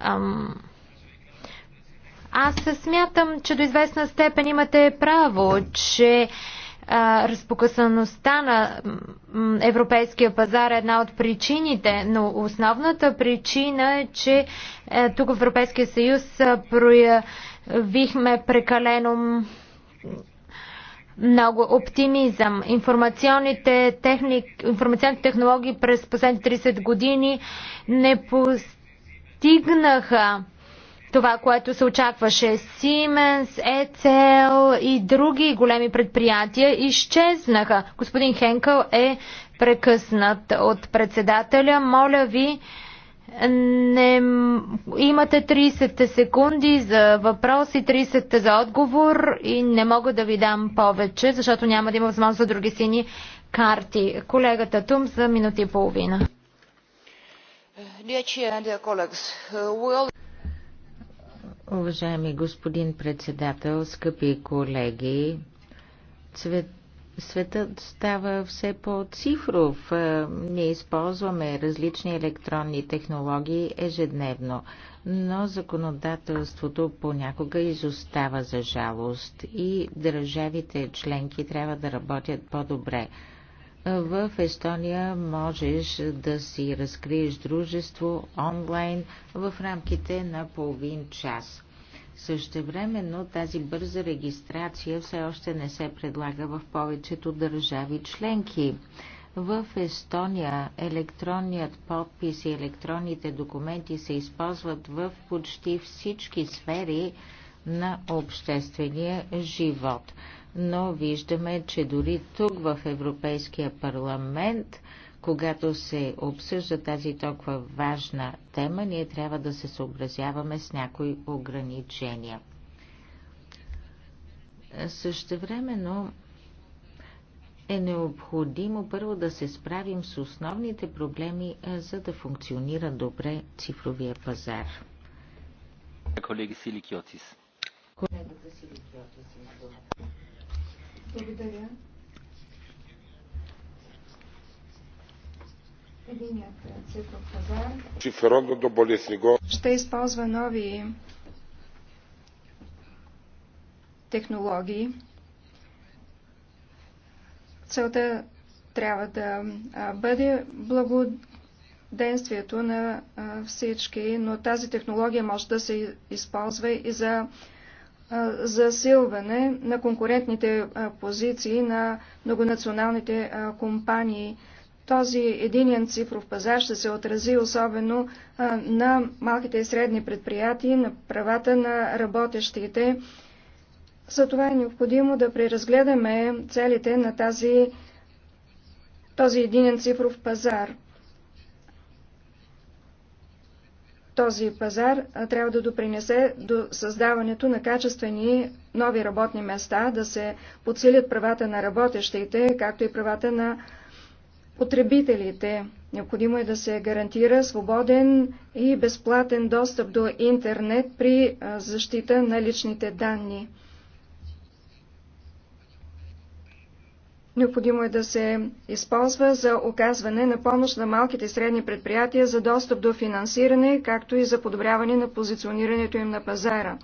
Ам... Аз смятам, че до известна степен имате право, че а, разпокъсаността на европейския пазар е една от причините, но основната причина е, че е, тук в Европейския съюз е, проявихме прекалено много оптимизъм. Информационните, техник, информационните технологии през последните 30 години не постигнаха това, което се очакваше. Siemens, Ецел и други големи предприятия изчезнаха. Господин Хенкъл е прекъснат от председателя. Моля ви, не... имате 30 секунди за въпрос и 30 за отговор и не мога да ви дам повече, защото няма да има възможност за други сини карти. Колегата Тум за минути и половина. Dear chair, dear colleagues, uh, Уважаеми господин председател, скъпи колеги, цвет светът става все по-цифров. Е, ние използваме различни електронни технологии ежедневно, но законодателството понякога изостава за жалост и държавите членки трябва да работят по-добре. В Естония можеш да си разкриеш дружество онлайн в рамките на половин час. Същевременно тази бърза регистрация все още не се предлага в повечето държави членки. В Естония електронният подпис и електронните документи се използват в почти всички сфери на обществения живот но виждаме, че дори тук в Европейския парламент, когато се обсъжда тази толкова важна тема, ние трябва да се съобразяваме с някои ограничения. Същевременно е необходимо първо да се справим с основните проблеми, за да функционира добре цифровия пазар. Колеги Силикиотис. Колегата Силикиотис. Благодаря. Ще използва нови технологии. Целта трябва да бъде благоденствието на всички, но тази технология може да се използва и за засилване на конкурентните позиции на многонационалните компании. Този единен цифров пазар ще се отрази особено на малките и средни предприятия, на правата на работещите. За това е необходимо да преразгледаме целите на тази, този единен цифров пазар. Този пазар трябва да допринесе до създаването на качествени нови работни места, да се подсилят правата на работещите, както и правата на потребителите. Необходимо е да се гарантира свободен и безплатен достъп до интернет при защита на личните данни. Необходимо е да се използва за оказване на помощ на малките и средни предприятия за достъп до финансиране, както и за подобряване на позиционирането им на пазара.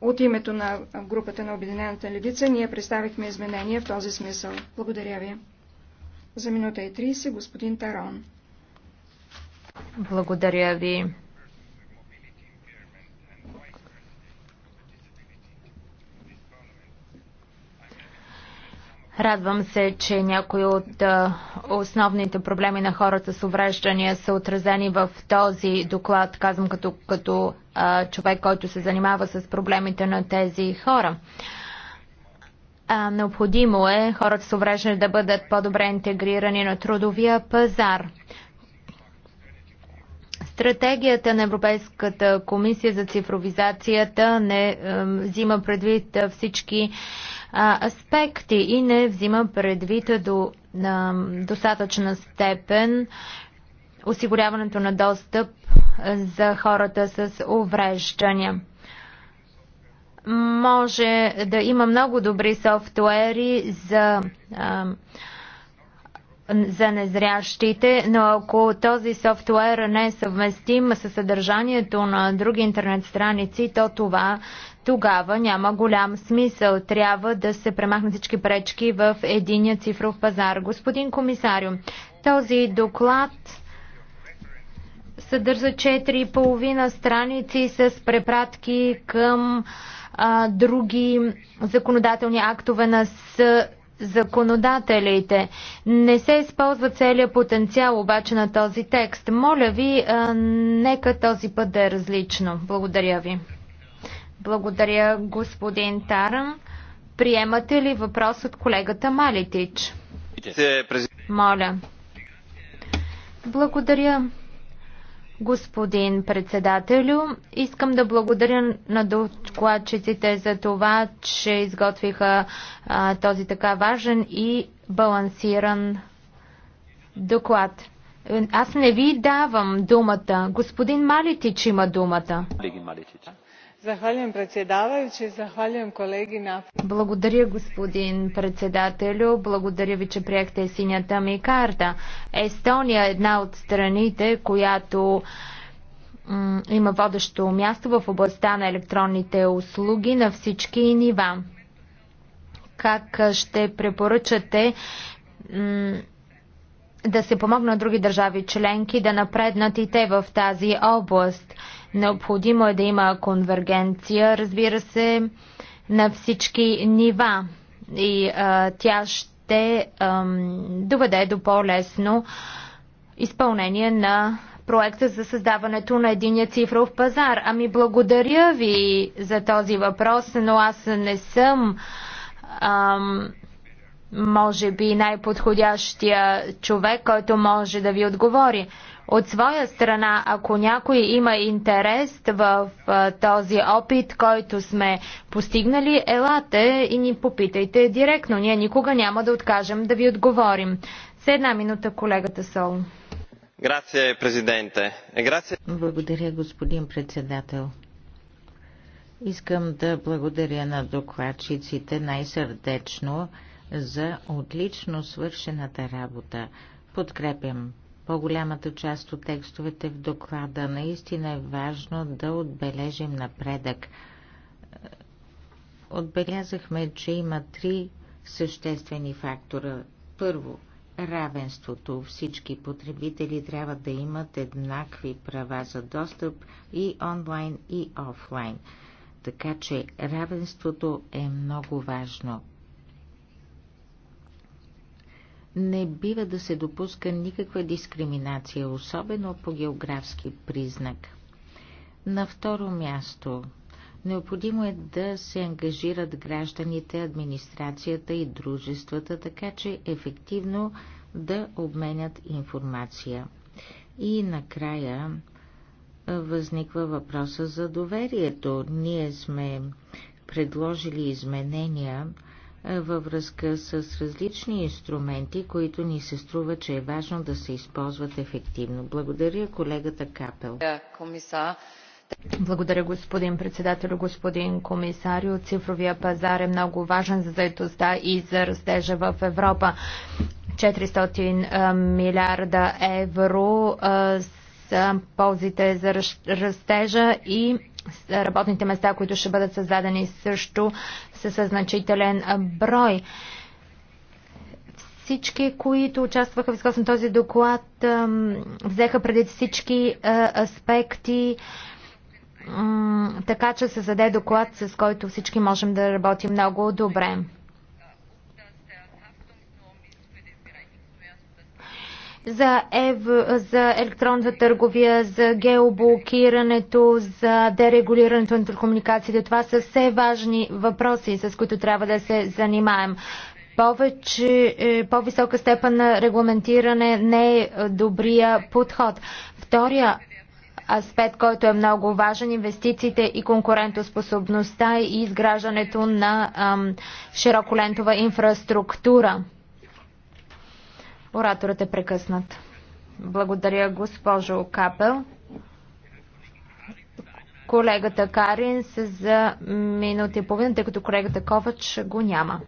От името на групата на Обединената левица ние представихме изменения в този смисъл. Благодаря ви. За минута и 30 господин Тарон. Благодаря ви. Радвам се, че някои от основните проблеми на хората с увреждания са отразени в този доклад, казвам като, като а, човек, който се занимава с проблемите на тези хора. А, необходимо е хората с увреждане да бъдат по-добре интегрирани на трудовия пазар. Стратегията на Европейската комисия за цифровизацията не е, взима предвид всички е, аспекти и не взима предвид до на достатъчна степен осигуряването на достъп за хората с увреждания. Може да има много добри софтуери за, а, за незрящите, но ако този софтуер не е съвместим с съдържанието на други интернет страници, то това тогава няма голям смисъл. Трябва да се премахнат всички пречки в единия цифров пазар. Господин комисарио, този доклад съдържа 4,5 страници с препратки към а, други законодателни актове на С законодателите. Не се използва целият потенциал обаче на този текст. Моля ви, а, нека този път да е различно. Благодаря ви. Благодаря, господин Таран. Приемате ли въпрос от колегата Малитич? Моля. Благодаря, господин председателю. Искам да благодаря на докладчиците за това, че изготвиха а, този така важен и балансиран доклад. Аз не ви давам думата. Господин Малитич, има думата. Благодаря, господин председателю. Благодаря ви, че приехте синята ми карта. Естония е една от страните, която има водещо място в областта на електронните услуги на всички нива. Как ще препоръчате да се помогнат други държави членки да напреднат и те в тази област. Необходимо е да има конвергенция, разбира се, на всички нива и а, тя ще а, доведе до по-лесно изпълнение на проекта за създаването на единия цифров пазар. Ами благодаря ви за този въпрос, но аз не съм А, може би най-подходящия човек, който може да ви отговори. От своя страна, ако някой има интерес в този опит, който сме постигнали, елате и ни попитайте директно. Ние никога няма да откажем да ви отговорим. С една минута колегата Сол. Грация, президенте. Грация... Благодаря, господин председател. Искам да благодаря на докладчиците най-сърдечно за отлично свършената работа. Подкрепям по-голямата част от текстовете в доклада. Наистина е важно да отбележим напредък. Отбелязахме, че има три съществени фактора. Първо, равенството. Всички потребители трябва да имат еднакви права за достъп и онлайн, и офлайн. Така че равенството е много важно. Не бива да се допуска никаква дискриминация, особено по географски признак. На второ място, необходимо е да се ангажират гражданите, администрацията и дружествата, така че ефективно да обменят информация. И накрая възниква въпроса за доверието. Ние сме предложили изменения във връзка с различни инструменти, които ни се струва, че е важно да се използват ефективно. Благодаря колегата Капел. Благодаря, господин председател, господин комисарио. Цифровия пазар е много важен за заедостта и за растежа в Европа. 400 милиарда евро са ползите за растежа и работните места, които ще бъдат създадени също с със значителен брой. Всички, които участваха в изкосно този доклад, взеха преди всички аспекти, така че се заде доклад, с който всички можем да работим много добре. за, ев, за електронната търговия, за геоблокирането, за дерегулирането на комуникациите. Това са все важни въпроси, с които трябва да се занимаем. Повече, е, по-висока степен на регламентиране не е добрия подход. Втория аспект, който е много важен, инвестициите и конкурентоспособността и изграждането на ам, широколентова инфраструктура. Ораторът е прекъснат. Благодаря, госпожо Капел. Колегата Карин се за минута и половина, тъй като колегата Ковач го няма.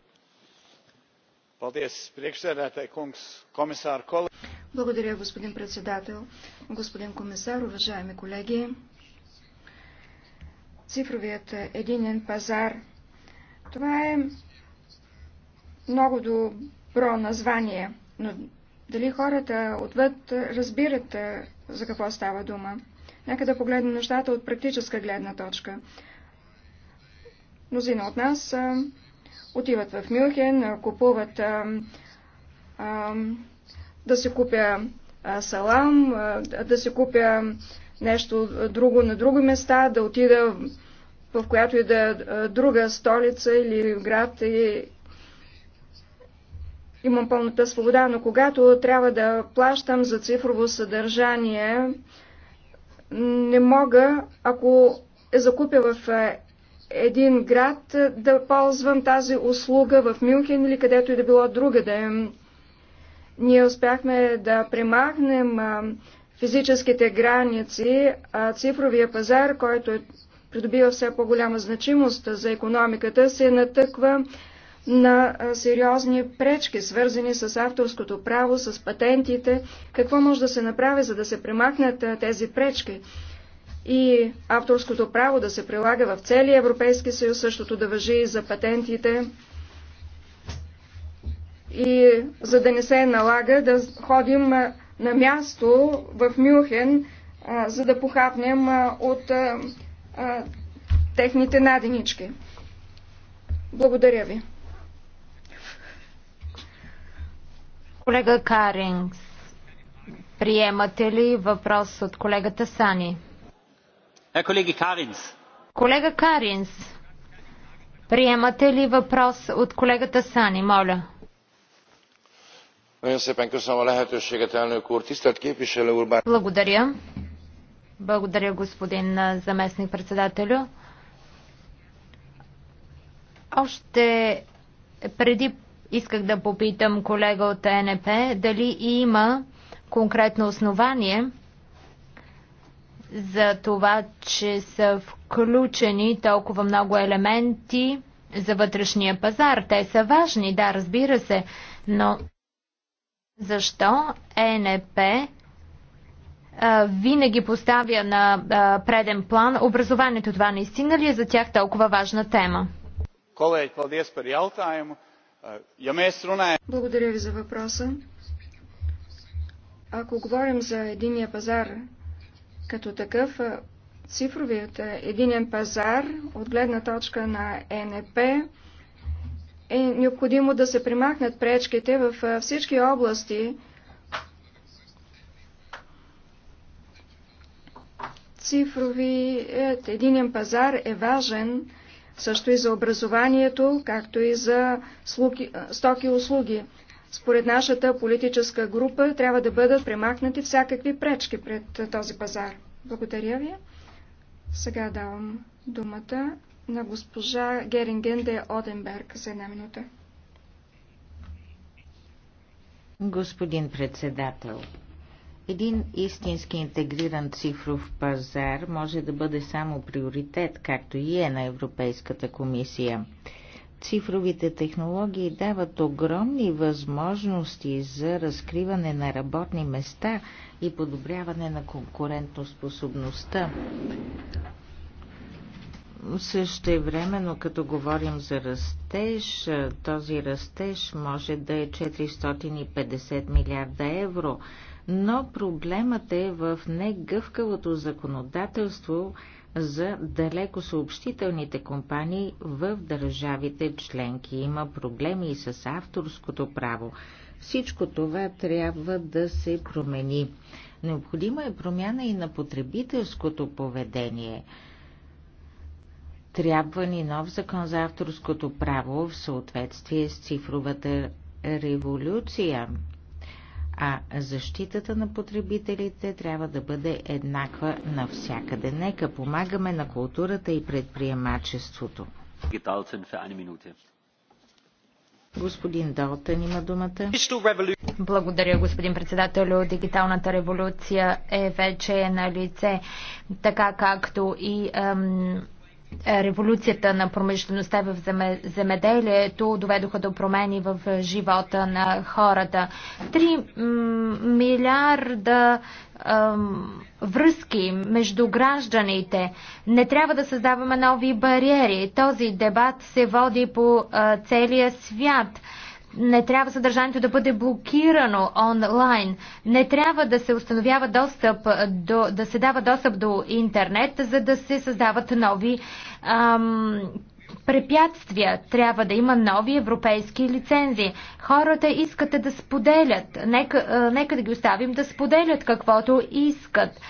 Благодаря, господин председател, господин комисар, уважаеми колеги. Цифровият единен пазар. Това е много добро название – но дали хората отвъд разбират за какво става дума? Нека да погледнем нещата от практическа гледна точка. Мнозина от нас а, отиват в Мюнхен, купуват а, а, да се купя а, салам, а, да се купя нещо друго на други места, да отида в която и да е друга столица или град и, имам пълната свобода, но когато трябва да плащам за цифрово съдържание, не мога, ако е закупя в е, един град, да ползвам тази услуга в Мюнхен или където и да било друга другаде. Ние успяхме да премахнем физическите граници, а цифровия пазар, който е придобива все по-голяма значимост за економиката, се натъква на сериозни пречки, свързани с авторското право, с патентите. Какво може да се направи, за да се премахнат тези пречки? И авторското право да се прилага в целия Европейски съюз, същото да въжи и за патентите. И за да не се налага да ходим на място в Мюнхен, за да похапнем от техните наденички. Благодаря ви. Колега Карингс, приемате ли въпрос от колегата Сани? Е, колеги Каринс. Колега Каринс, приемате ли въпрос от колегата Сани, моля? Благодаря. Благодаря, господин заместник председателю. Още преди Исках да попитам колега от ЕНП дали има конкретно основание за това, че са включени толкова много елементи за вътрешния пазар. Те са важни, да, разбира се, но защо ЕНП винаги поставя на преден план образованието? Това наистина ли е за тях толкова важна тема? Колеги, благодаря за въпроса. Е е. Благодаря ви за въпроса. Ако говорим за единия пазар като такъв, цифровият единен пазар от гледна точка на ЕНП е необходимо да се примахнат пречките във всички области. Цифровият единен пазар е важен също и за образованието, както и за слуги, стоки и услуги. Според нашата политическа група трябва да бъдат премахнати всякакви пречки пред този пазар. Благодаря ви. Сега давам думата на госпожа Геринген де Оденберг за една минута. Господин председател, един истински интегриран цифров пазар може да бъде само приоритет, както и е на Европейската комисия. Цифровите технологии дават огромни възможности за разкриване на работни места и подобряване на конкурентоспособността. Също времено, като говорим за растеж, този растеж може да е 450 милиарда евро – но проблемът е в негъвкавото законодателство за далеко съобщителните компании в държавите членки. Има проблеми и с авторското право. Всичко това трябва да се промени. Необходима е промяна и на потребителското поведение. Трябва ни нов закон за авторското право в съответствие с цифровата революция а защитата на потребителите трябва да бъде еднаква навсякъде. Нека помагаме на културата и предприемачеството. Господин Далтън има думата. Благодаря, господин председател, Дигиталната революция е вече на лице, така както и ем, революцията на промишлеността в земеделието доведоха до промени в живота на хората. Три милиарда връзки между гражданите. Не трябва да създаваме нови бариери. Този дебат се води по целия свят. Не трябва съдържанието да бъде блокирано онлайн. Не трябва да се установява достъп до, да се дава достъп до интернет, за да се създават нови ам, препятствия. Трябва да има нови европейски лицензии. Хората искат да споделят. Нека, а, нека да ги оставим да споделят каквото искат.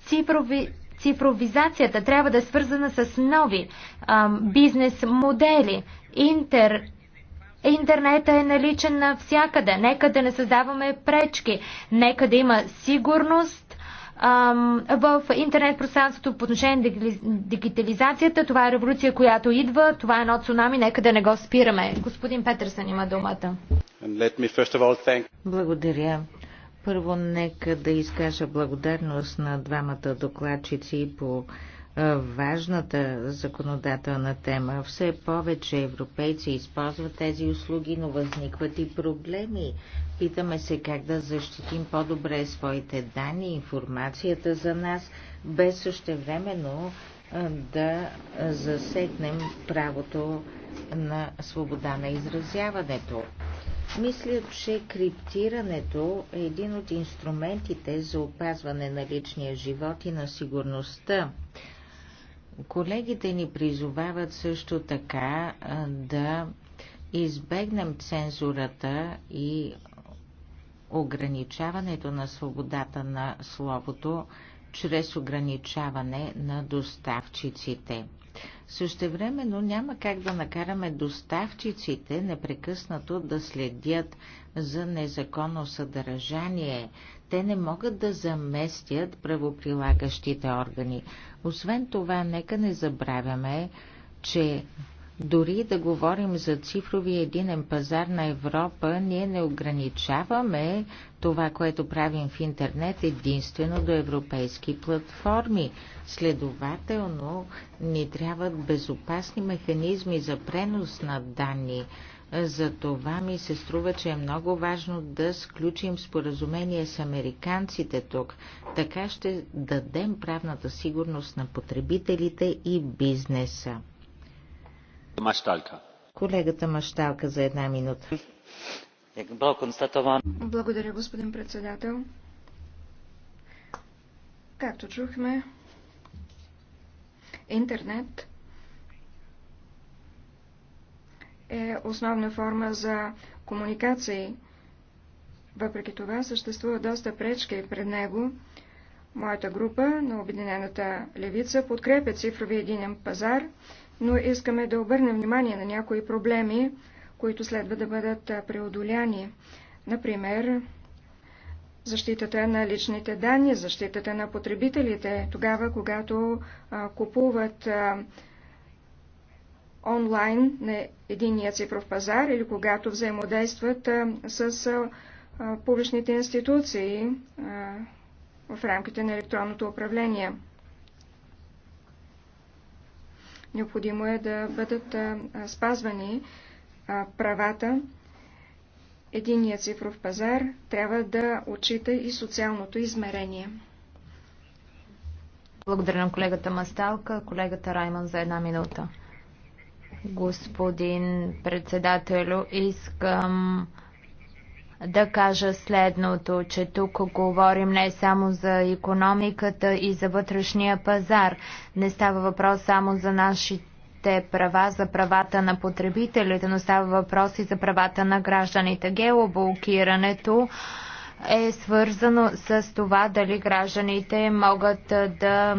Цифрови, цифровизацията трябва да е свързана с нови а, бизнес модели. Интер Интернетът е наличен навсякъде. Нека да не създаваме пречки. Нека да има сигурност ам, в интернет пространството по отношение на дигитализацията. Това е революция, която идва. Това е едно цунами. Нека да не го спираме. Господин Петърсън има думата. Благодаря. Първо, нека да изкажа благодарност на двамата докладчици по е, важната законодателна тема. Все повече европейци използват тези услуги, но възникват и проблеми. Питаме се как да защитим по-добре своите данни, информацията за нас, без същевременно е, да засегнем правото на свобода на изразяването. Мисля, че криптирането е един от инструментите за опазване на личния живот и на сигурността. Колегите ни призовават също така да избегнем цензурата и ограничаването на свободата на словото чрез ограничаване на доставчиците. Същевременно няма как да накараме доставчиците непрекъснато да следят за незаконно съдържание. Те не могат да заместят правоприлагащите органи. Освен това, нека не забравяме, че дори да говорим за цифрови единен пазар на Европа, ние не ограничаваме това, което правим в интернет единствено до европейски платформи. Следователно, ни трябват безопасни механизми за пренос на данни. За това ми се струва, че е много важно да сключим споразумение с американците тук. Така ще дадем правната сигурност на потребителите и бизнеса. Машталка. Колегата Машталка за една минута. Благодаря, господин председател. Както чухме, интернет е основна форма за комуникации. Въпреки това съществува доста пречки пред него. Моята група на Обединената левица подкрепя цифрови единен пазар, но искаме да обърнем внимание на някои проблеми, които следва да бъдат преодоляни. Например, защитата на личните данни, защитата на потребителите, тогава когато а, купуват а, онлайн на единия цифров пазар или когато взаимодействат с публичните институции в рамките на електронното управление. Необходимо е да бъдат спазвани правата. Единият цифров пазар трябва да отчита и социалното измерение. Благодаря на колегата Масталка, колегата Райман за една минута господин председателю. Искам да кажа следното, че тук говорим не само за економиката и за вътрешния пазар. Не става въпрос само за нашите права, за правата на потребителите, но става въпрос и за правата на гражданите. Геоблокирането е свързано с това дали гражданите могат да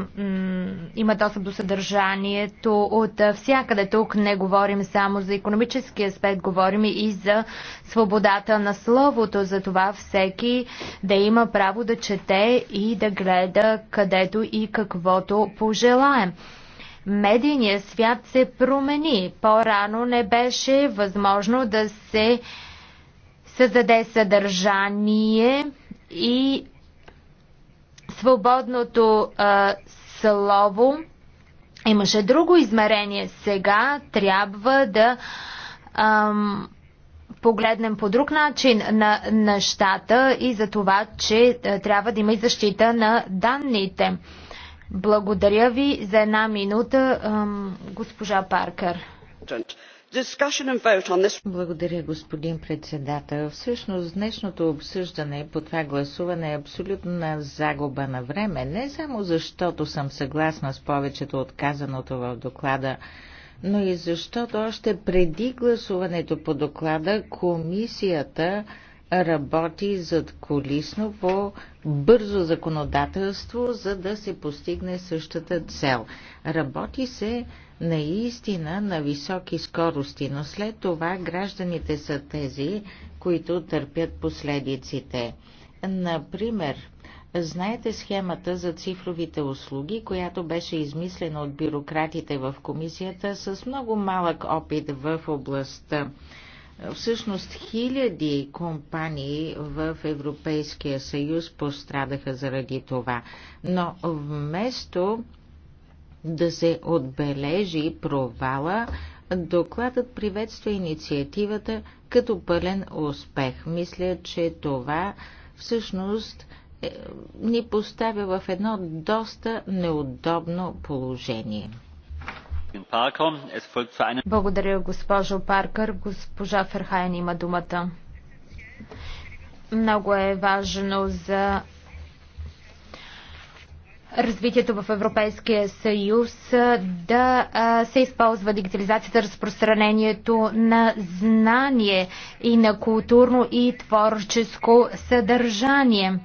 имат достъп до съдържанието от всякъде. Тук не говорим само за економически аспект, говорим и за свободата на словото. За това всеки да има право да чете и да гледа където и каквото пожелаем. Медийният свят се промени. По-рано не беше възможно да се създаде съдържание и свободното а, слово. Имаше друго измерение. Сега трябва да ам, погледнем по друг начин на нещата и за това, че а, трябва да има и защита на данните. Благодаря ви за една минута, ам, госпожа Паркър. Благодаря, господин председател. Всъщност, днешното обсъждане по това гласуване е абсолютна загуба на време, не само защото съм съгласна с повечето от казаното в доклада, но и защото още преди гласуването по доклада комисията работи зад колисно по бързо законодателство, за да се постигне същата цел. Работи се наистина на високи скорости, но след това гражданите са тези, които търпят последиците. Например, знаете схемата за цифровите услуги, която беше измислена от бюрократите в комисията с много малък опит в областта. Всъщност хиляди компании в Европейския съюз пострадаха заради това. Но вместо да се отбележи провала, докладът приветства инициативата като пълен успех. Мисля, че това всъщност е, ни поставя в едно доста неудобно положение. Благодаря, госпожо Паркър. Госпожа Ферхайен има думата. Много е важно за развитието в Европейския съюз, да се използва дигитализацията, разпространението на знание и на културно и творческо съдържание.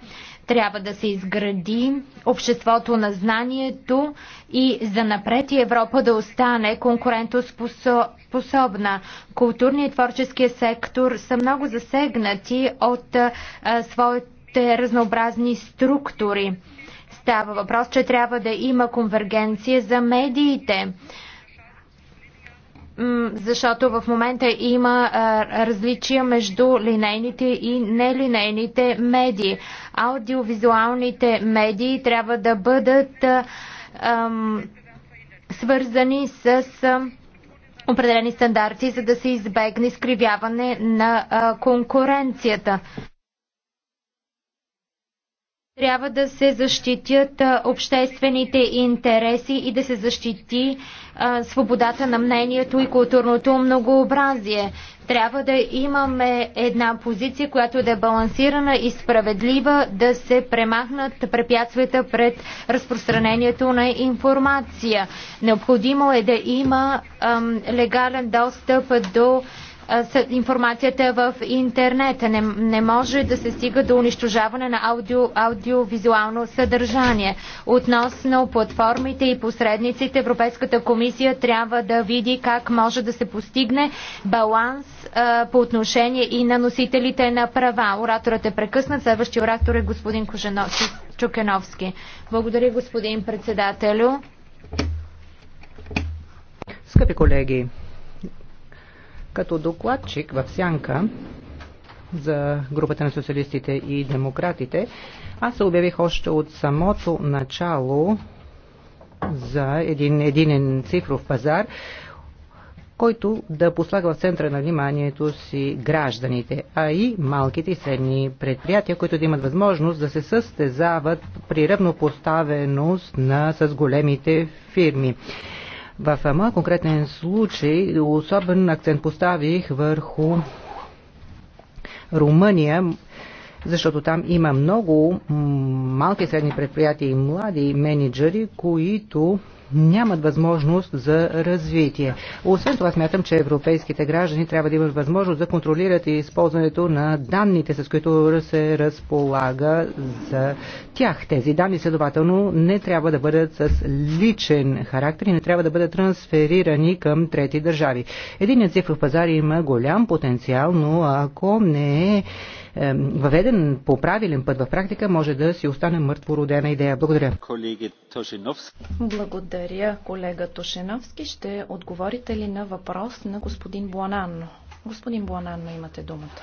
Трябва да се изгради обществото на знанието и за напред и Европа да остане конкурентоспособна. Културният и творческия сектор са много засегнати от а, своите разнообразни структури. Става въпрос, че трябва да има конвергенция за медиите защото в момента има различия между линейните и нелинейните медии. Аудиовизуалните медии трябва да бъдат ам, свързани с определени стандарти, за да се избегне скривяване на конкуренцията. Трябва да се защитят обществените интереси и да се защити а, свободата на мнението и културното многообразие. Трябва да имаме една позиция, която да е балансирана и справедлива, да се премахнат препятствията пред разпространението на информация. Необходимо е да има ам, легален достъп до информацията в интернет. Не, не може да се стига до унищожаване на аудио, аудиовизуално съдържание. Относно платформите и посредниците, Европейската комисия трябва да види как може да се постигне баланс а, по отношение и на носителите на права. Ораторът е прекъснат. Следващия оратор е господин Кожено... Чукеновски. Благодаря, господин председателю. Скъпи колеги, като докладчик в Сянка за групата на социалистите и демократите, аз се обявих още от самото начало за един единен цифров пазар, който да послага в центъра на вниманието си гражданите, а и малките и средни предприятия, които да имат възможност да се състезават при равнопоставеност на, с големите фирми. В моя конкретен случай особен акцент поставих върху Румъния, защото там има много малки и средни предприятия и млади менеджери, които нямат възможност за развитие. Освен това смятам, че европейските граждани трябва да имат възможност да контролират и използването на данните, с които се разполага за тях. Тези данни, следователно, не трябва да бъдат с личен характер и не трябва да бъдат трансферирани към трети държави. Единият цифров пазар има голям потенциал, но ако не е въведен по правилен път в практика, може да си остане мъртвородена идея. Благодаря. Благодаря, колега Тошиновски. Ще отговорите ли на въпрос на господин Буананно? Господин Буананно, имате думата.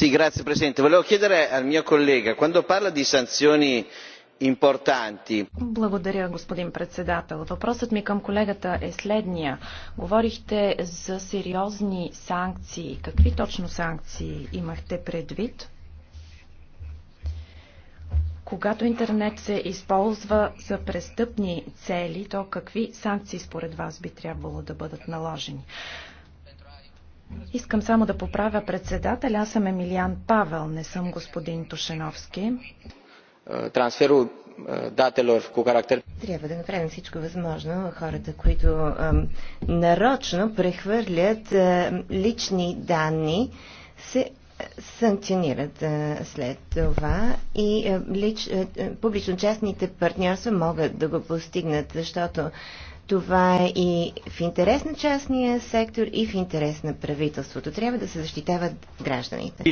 Sì, grazie Presidente. Volevo chiedere al mio collega, quando parla di sanzioni importanti. Благодаря, господин председател. Въпросът ми към колегата е следния. Говорихте за сериозни санкции. Какви точно санкции имахте предвид? Когато интернет се използва за престъпни цели, то какви санкции според вас би трябвало да бъдат наложени? Искам само да поправя председател Аз съм Емилиан Павел, не съм господин Тушеновски трансферul е, дателор cu caracter. Трябва да направим всичко възможно хората, които а, нарочно прехвърлят а, е, лични данни, се е, санкционират а, след това и лич, а, публично-частните партньорства могат да го постигнат, защото това е и в интерес на частния сектор, и в интерес на правителството. Трябва да се защитават гражданите.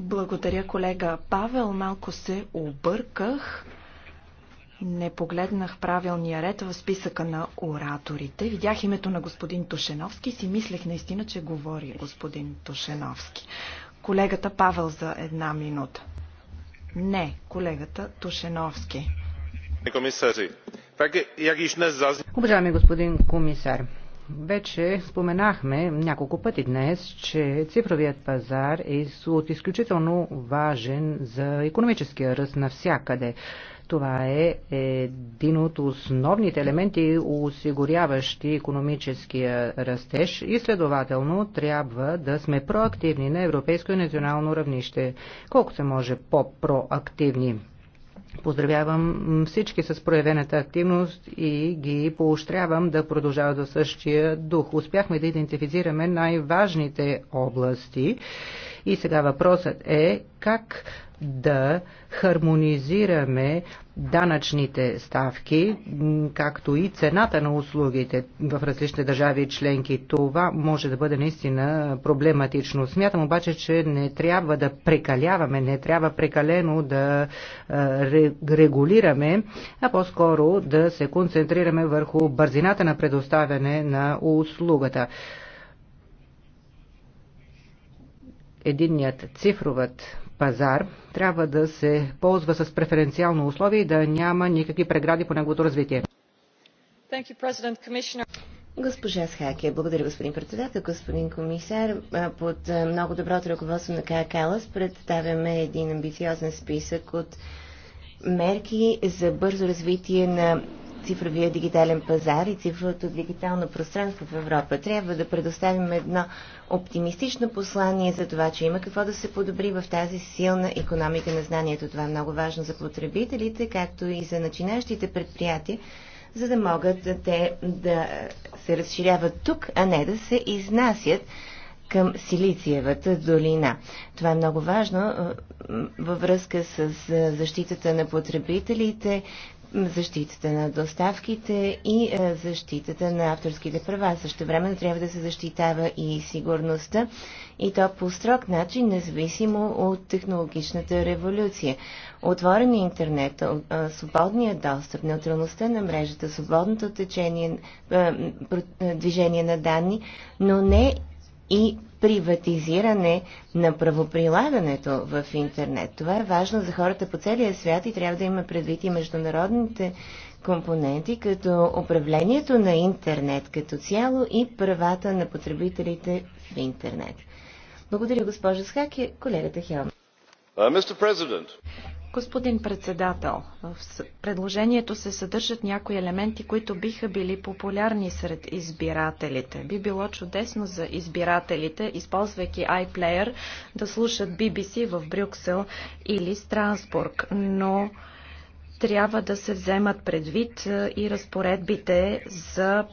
Благодаря, колега Павел. Малко се обърках. Не погледнах правилния ред в списъка на ораторите. Видях името на господин Тушеновски и си мислех наистина, че говори господин Тушеновски. Колегата Павел за една минута. Не, колегата Тушеновски. Комисари, е, Уважаеми господин комисар, вече споменахме няколко пъти днес, че цифровият пазар е от изключително важен за економическия ръст навсякъде. Това е един от основните елементи, осигуряващи економическия растеж и следователно трябва да сме проактивни на европейско и национално равнище, Колкото се може по-проактивни. Поздравявам всички с проявената активност и ги поощрявам да продължават в същия дух. Успяхме да идентифицираме най-важните области и сега въпросът е как да хармонизираме данъчните ставки, както и цената на услугите в различни държави и членки. Това може да бъде наистина проблематично. Смятам обаче, че не трябва да прекаляваме, не трябва прекалено да регулираме, а по-скоро да се концентрираме върху бързината на предоставяне на услугата. единният цифровът пазар трябва да се ползва с преференциално условие и да няма никакви прегради по неговото развитие. Госпожа Схаке, благодаря господин председател, господин комисар. Под много доброто ръководство на КА Калас представяме един амбициозен списък от мерки за бързо развитие на цифровия дигитален пазар и цифровото дигитално пространство в Европа. Трябва да предоставим едно оптимистично послание за това, че има какво да се подобри в тази силна економика на знанието. Това е много важно за потребителите, както и за начинащите предприятия, за да могат те да се разширяват тук, а не да се изнасят към Силициевата долина. Това е много важно във връзка с защитата на потребителите, защитата на доставките и е, защитата на авторските права. Също време трябва да се защитава и сигурността и то по строг начин, независимо от технологичната революция. Отворен е интернет, е, свободния достъп, неутралността на мрежата, свободното течение, движение на данни, но не и приватизиране на правоприлагането в интернет. Това е важно за хората по целия свят и трябва да има предвид и международните компоненти, като управлението на интернет като цяло и правата на потребителите в интернет. Благодаря, госпожа Схаки, колегата Хелм. Uh, Господин председател, в предложението се съдържат някои елементи, които биха били популярни сред избирателите. Би било чудесно за избирателите, използвайки iPlayer, да слушат BBC в Брюксел или Страсбург, но трябва да се вземат предвид и разпоредбите за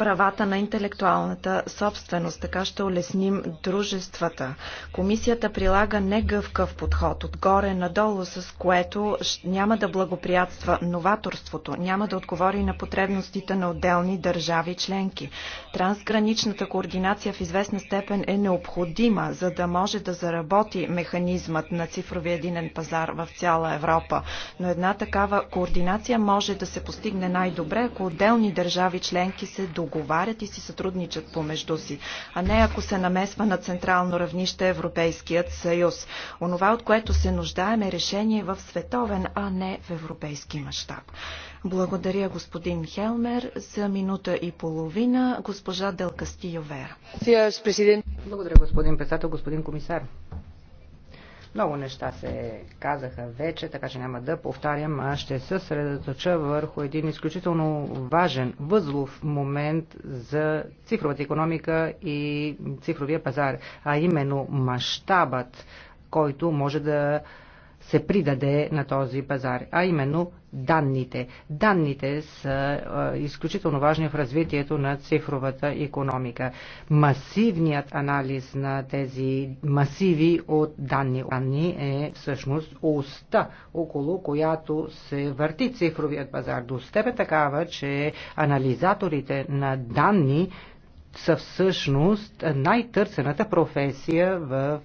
правата на интелектуалната собственост. Така ще улесним дружествата. Комисията прилага негъвкъв подход отгоре надолу, с което няма да благоприятства новаторството, няма да отговори на потребностите на отделни държави членки. Трансграничната координация в известна степен е необходима, за да може да заработи механизмът на цифровия единен пазар в цяла Европа. Но една такава координация може да се постигне най-добре, ако отделни държави членки се добре договарят и си сътрудничат помежду си, а не ако се намесва на централно равнище Европейският съюз. Онова, от което се нуждаем е решение в световен, а не в европейски мащаб. Благодаря господин Хелмер за минута и половина. Госпожа Делкастио Вера. Благодаря господин председател, господин комисар. Много неща се казаха вече, така че няма да повтарям, а ще се средоточа върху един изключително важен възлов момент за цифровата економика и цифровия пазар, а именно мащабът, който може да се придаде на този пазар, а именно данните. Данните са е, изключително важни в развитието на цифровата економика. Масивният анализ на тези масиви от данни, данни е всъщност уста, около която се върти цифровият пазар. До степен такава, че анализаторите на данни са всъщност най-търсената професия в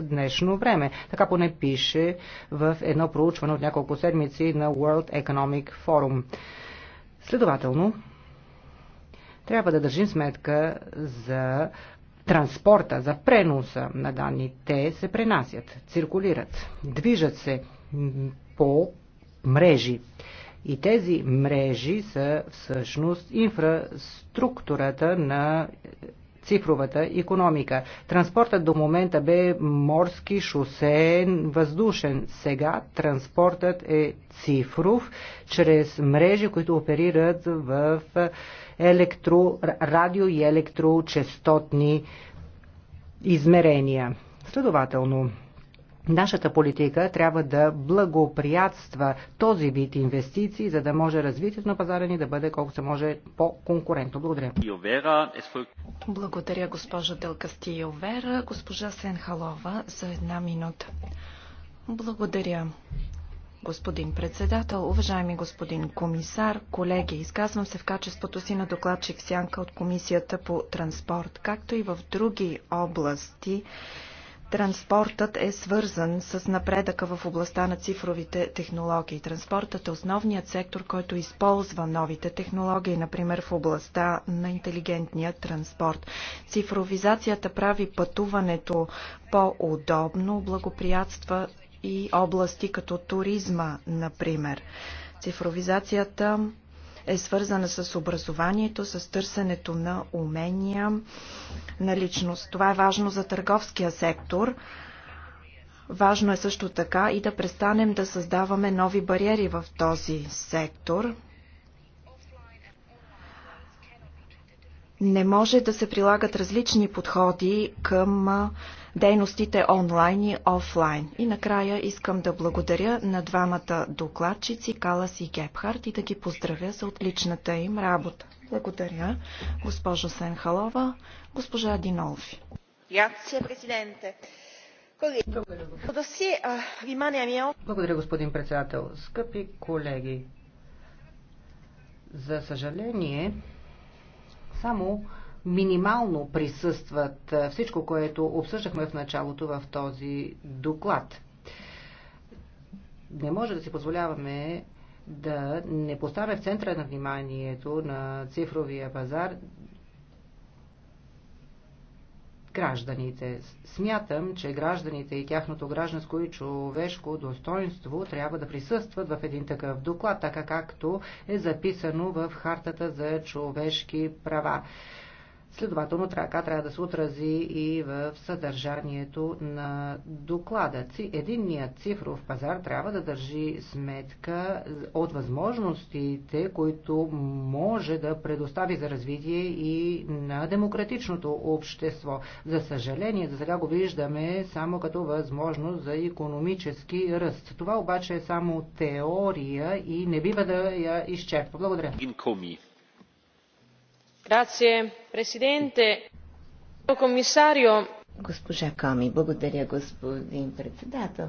днешно време. Така поне пише в едно проучване от няколко седмици на World Economic Forum. Следователно, трябва да държим сметка за транспорта, за преноса на данни. Те се пренасят, циркулират, движат се по мрежи. И тези мрежи са всъщност инфраструктурата на цифровата економика. Транспортът до момента бе морски, шосеен, въздушен. Сега транспортът е цифров, чрез мрежи, които оперират в електро, радио и електрочестотни измерения. Следователно, Нашата политика трябва да благоприятства този вид инвестиции, за да може развитието на пазара ни да бъде колко се може по-конкурентно. Благодаря. Е Благодаря, госпожа Делкастио Овера, Госпожа Сенхалова за една минута. Благодаря. Господин председател, уважаеми господин комисар, колеги, изказвам се в качеството си на докладчик Сянка от Комисията по транспорт, както и в други области Транспортът е свързан с напредъка в областта на цифровите технологии. Транспортът е основният сектор, който използва новите технологии, например в областта на интелигентния транспорт. Цифровизацията прави пътуването по-удобно, благоприятства и области като туризма, например. Цифровизацията е свързана с образованието, с търсенето на умения, на личност. Това е важно за търговския сектор. Важно е също така и да престанем да създаваме нови бариери в този сектор. Не може да се прилагат различни подходи към дейностите онлайн и офлайн. И накрая искам да благодаря на двамата докладчици Калас и Гепхарт и да ги поздравя за отличната им работа. Благодаря, госпожо Сенхалова, госпожа Динолфи. Ами, благодаря, господин председател. Скъпи колеги, за съжаление, само минимално присъстват всичко, което обсъждахме в началото в този доклад. Не може да си позволяваме да не поставя в центъра на вниманието на цифровия пазар гражданите. Смятам, че гражданите и тяхното гражданско и човешко достоинство трябва да присъстват в един такъв доклад, така както е записано в Хартата за човешки права. Следователно, така трябва да се отрази и в съдържанието на доклада. Единният цифров пазар трябва да държи сметка от възможностите, които може да предостави за развитие и на демократичното общество. За съжаление, за сега го виждаме само като възможност за економически ръст. Това обаче е само теория и не бива да я изчерпва. Благодаря. Госпожа Коми, благодаря, господин председател.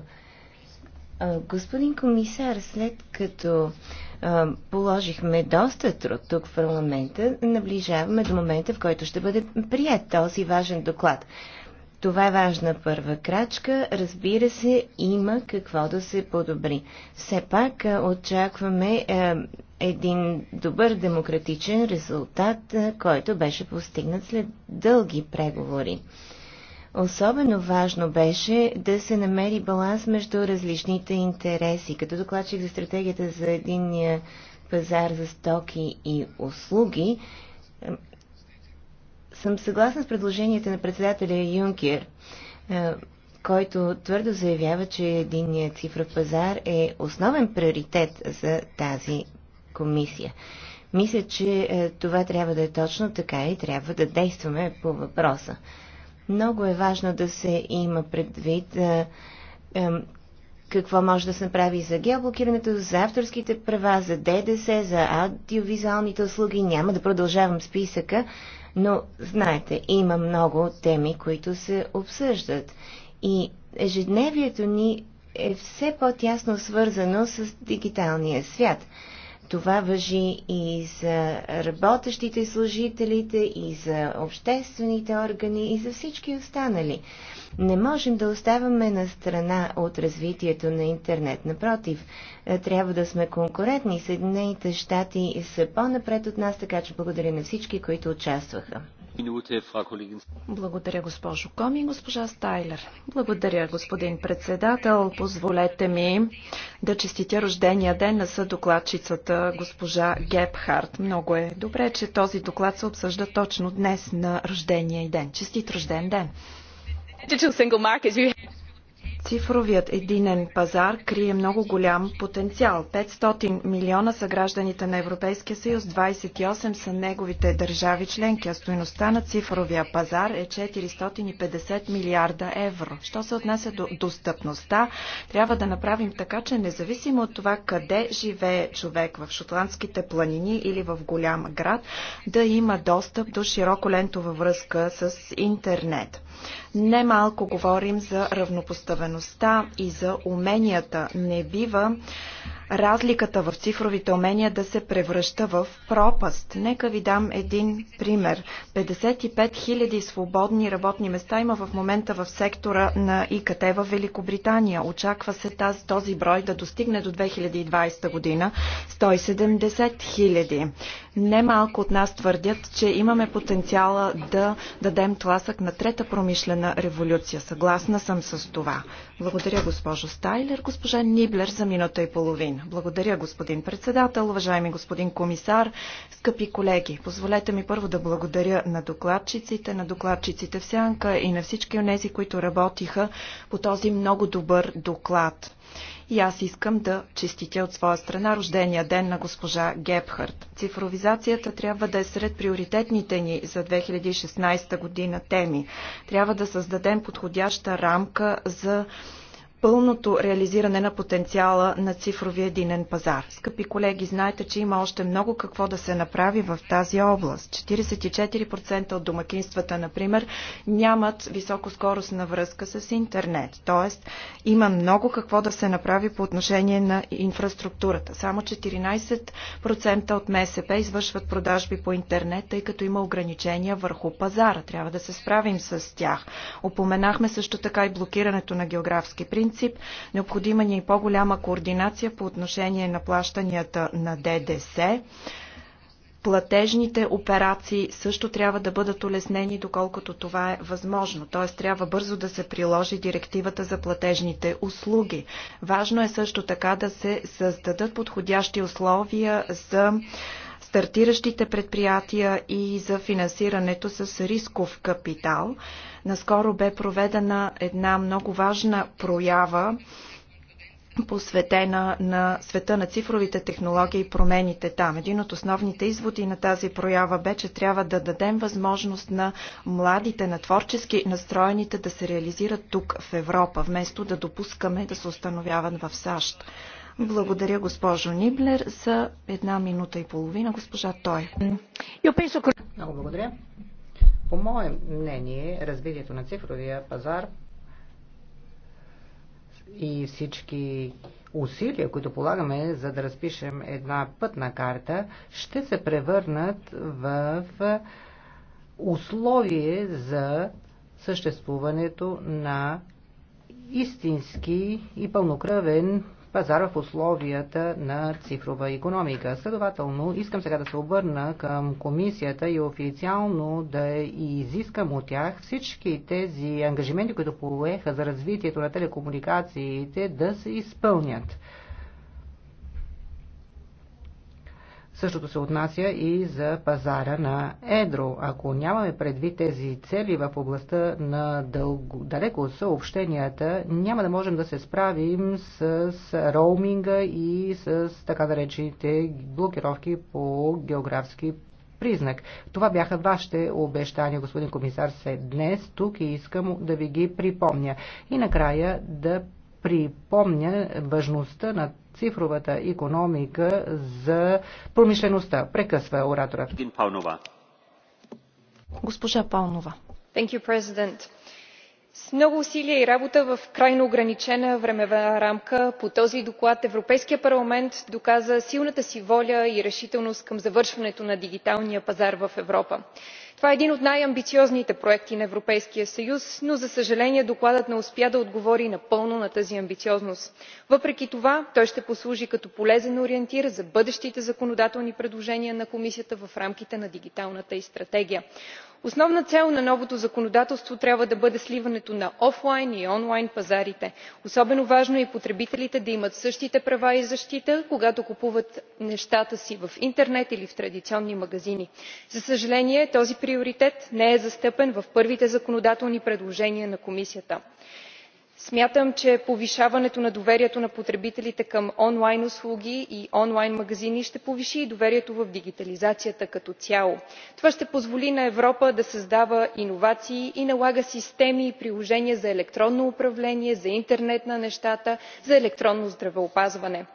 Господин комисар, след като положихме доста труд тук в парламента, наближаваме до момента, в който ще бъде прият този важен доклад. Това е важна първа крачка. Разбира се, има какво да се подобри. Все пак очакваме е, един добър демократичен резултат, е, който беше постигнат след дълги преговори. Особено важно беше да се намери баланс между различните интереси. Като докладчик за стратегията за единния пазар за стоки и услуги, съм съгласна с предложенията на председателя Юнкер, е, който твърдо заявява, че единният цифров пазар е основен приоритет за тази комисия. Мисля, че е, това трябва да е точно така и трябва да действаме по въпроса. Много е важно да се има предвид е, какво може да се направи за геоблокирането, за авторските права, за ДДС, за аудиовизуалните услуги. Няма да продължавам списъка, но, знаете, има много теми, които се обсъждат. И ежедневието ни е все по-тясно свързано с дигиталния свят. Това въжи и за работещите служителите, и за обществените органи, и за всички останали. Не можем да оставаме на страна от развитието на интернет. Напротив, е, трябва да сме конкурентни. Съединените щати са по-напред от нас, така че благодаря на всички, които участваха. Благодаря, госпожо Коми. и Госпожа Стайлер. Благодаря, господин председател. Позволете ми да честитя рождения ден на съдокладчицата госпожа Гепхарт. Много е добре, че този доклад се обсъжда точно днес на рождения и ден. Честит рожден ден! Цифровият единен пазар крие много голям потенциал. 500 милиона са гражданите на Европейския съюз, 28 са неговите държави членки, а стоеността на цифровия пазар е 450 милиарда евро. Що се отнася до достъпността, трябва да направим така, че независимо от това къде живее човек в шотландските планини или в голям град, да има достъп до широко лентова връзка с интернет. Немалко говорим за равнопоставеността и за уменията. Не бива разликата в цифровите умения да се превръща в пропаст. Нека ви дам един пример. 55 000 свободни работни места има в момента в сектора на ИКТ в Великобритания. Очаква се таз, този брой да достигне до 2020 година 170 000. Немалко от нас твърдят, че имаме потенциала да дадем тласък на трета промишлена революция. Съгласна съм с това. Благодаря госпожо Стайлер, госпожа Ниблер за минута и половина. Благодаря господин председател, уважаеми господин комисар, скъпи колеги. Позволете ми първо да благодаря на докладчиците, на докладчиците в Сянка и на всички от тези, които работиха по този много добър доклад. И аз искам да честитя от своя страна рождения ден на госпожа Гепхард. Цифровизацията трябва да е сред приоритетните ни за 2016 година теми. Трябва да създадем подходяща рамка за пълното реализиране на потенциала на цифровия единен пазар. Скъпи колеги, знаете, че има още много какво да се направи в тази област. 44% от домакинствата, например, нямат високоскоростна връзка с интернет. Тоест, има много какво да се направи по отношение на инфраструктурата. Само 14% от МСП извършват продажби по интернет, тъй като има ограничения върху пазара. Трябва да се справим с тях. Опоменахме също така и блокирането на географски принцип принцип. Необходима ни и е по-голяма координация по отношение на плащанията на ДДС. Платежните операции също трябва да бъдат улеснени, доколкото това е възможно. Т.е. трябва бързо да се приложи директивата за платежните услуги. Важно е също така да се създадат подходящи условия за стартиращите предприятия и за финансирането с рисков капитал. Наскоро бе проведена една много важна проява посветена на света на цифровите технологии и промените там. Един от основните изводи на тази проява бе, че трябва да дадем възможност на младите, на творчески настроените да се реализират тук в Европа, вместо да допускаме да се установяват в САЩ. Благодаря, госпожо Ниблер. За една минута и половина, госпожа Той. Много благодаря. По мое мнение, развитието на цифровия пазар и всички усилия, които полагаме за да разпишем една пътна карта, ще се превърнат в условие за съществуването на истински и пълнокръвен пазара в условията на цифрова економика. Следователно, искам сега да се обърна към комисията и официално да изискам от тях всички тези ангажименти, които поеха за развитието на телекомуникациите, да се изпълнят. Същото се отнася и за пазара на Едро. Ако нямаме предвид тези цели в областта на дълго, далеко от съобщенията, няма да можем да се справим с, с роуминга и с така наречените да блокировки по географски признак. Това бяха вашите обещания, господин комисар, се днес тук и искам да ви ги припомня. И накрая да припомня важността на цифровата економика за промишлеността. Прекъсва оратора. Госпожа Паунова. Thank you, President. С много усилия и работа в крайно ограничена времева рамка по този доклад Европейския парламент доказа силната си воля и решителност към завършването на дигиталния пазар в Европа това е един от най амбициозните проекти на европейския съюз но за съжаление докладът не успя да отговори напълно на тази амбициозност. въпреки това той ще послужи като полезен ориентир за бъдещите законодателни предложения на комисията в рамките на дигиталната й стратегия основна цел на новото законодателство трябва да бъде сливането на офлайн и онлайн пазарите. особено важно е и потребителите да имат същите права и защита когато купуват нещата си в интернет или в традиционни магазини. за съжаление този приоритет не е застъпен в първите законодателни предложения на комисията смятам че повишаването на доверието на потребителите към онлайн услуги и онлайн магазини ще повиши и доверието в дигитализацията като цяло. това ще позволи на европа да създава иновации и налага системи и приложения за електронно управление за интернет на нещата за електронно здравеопазване.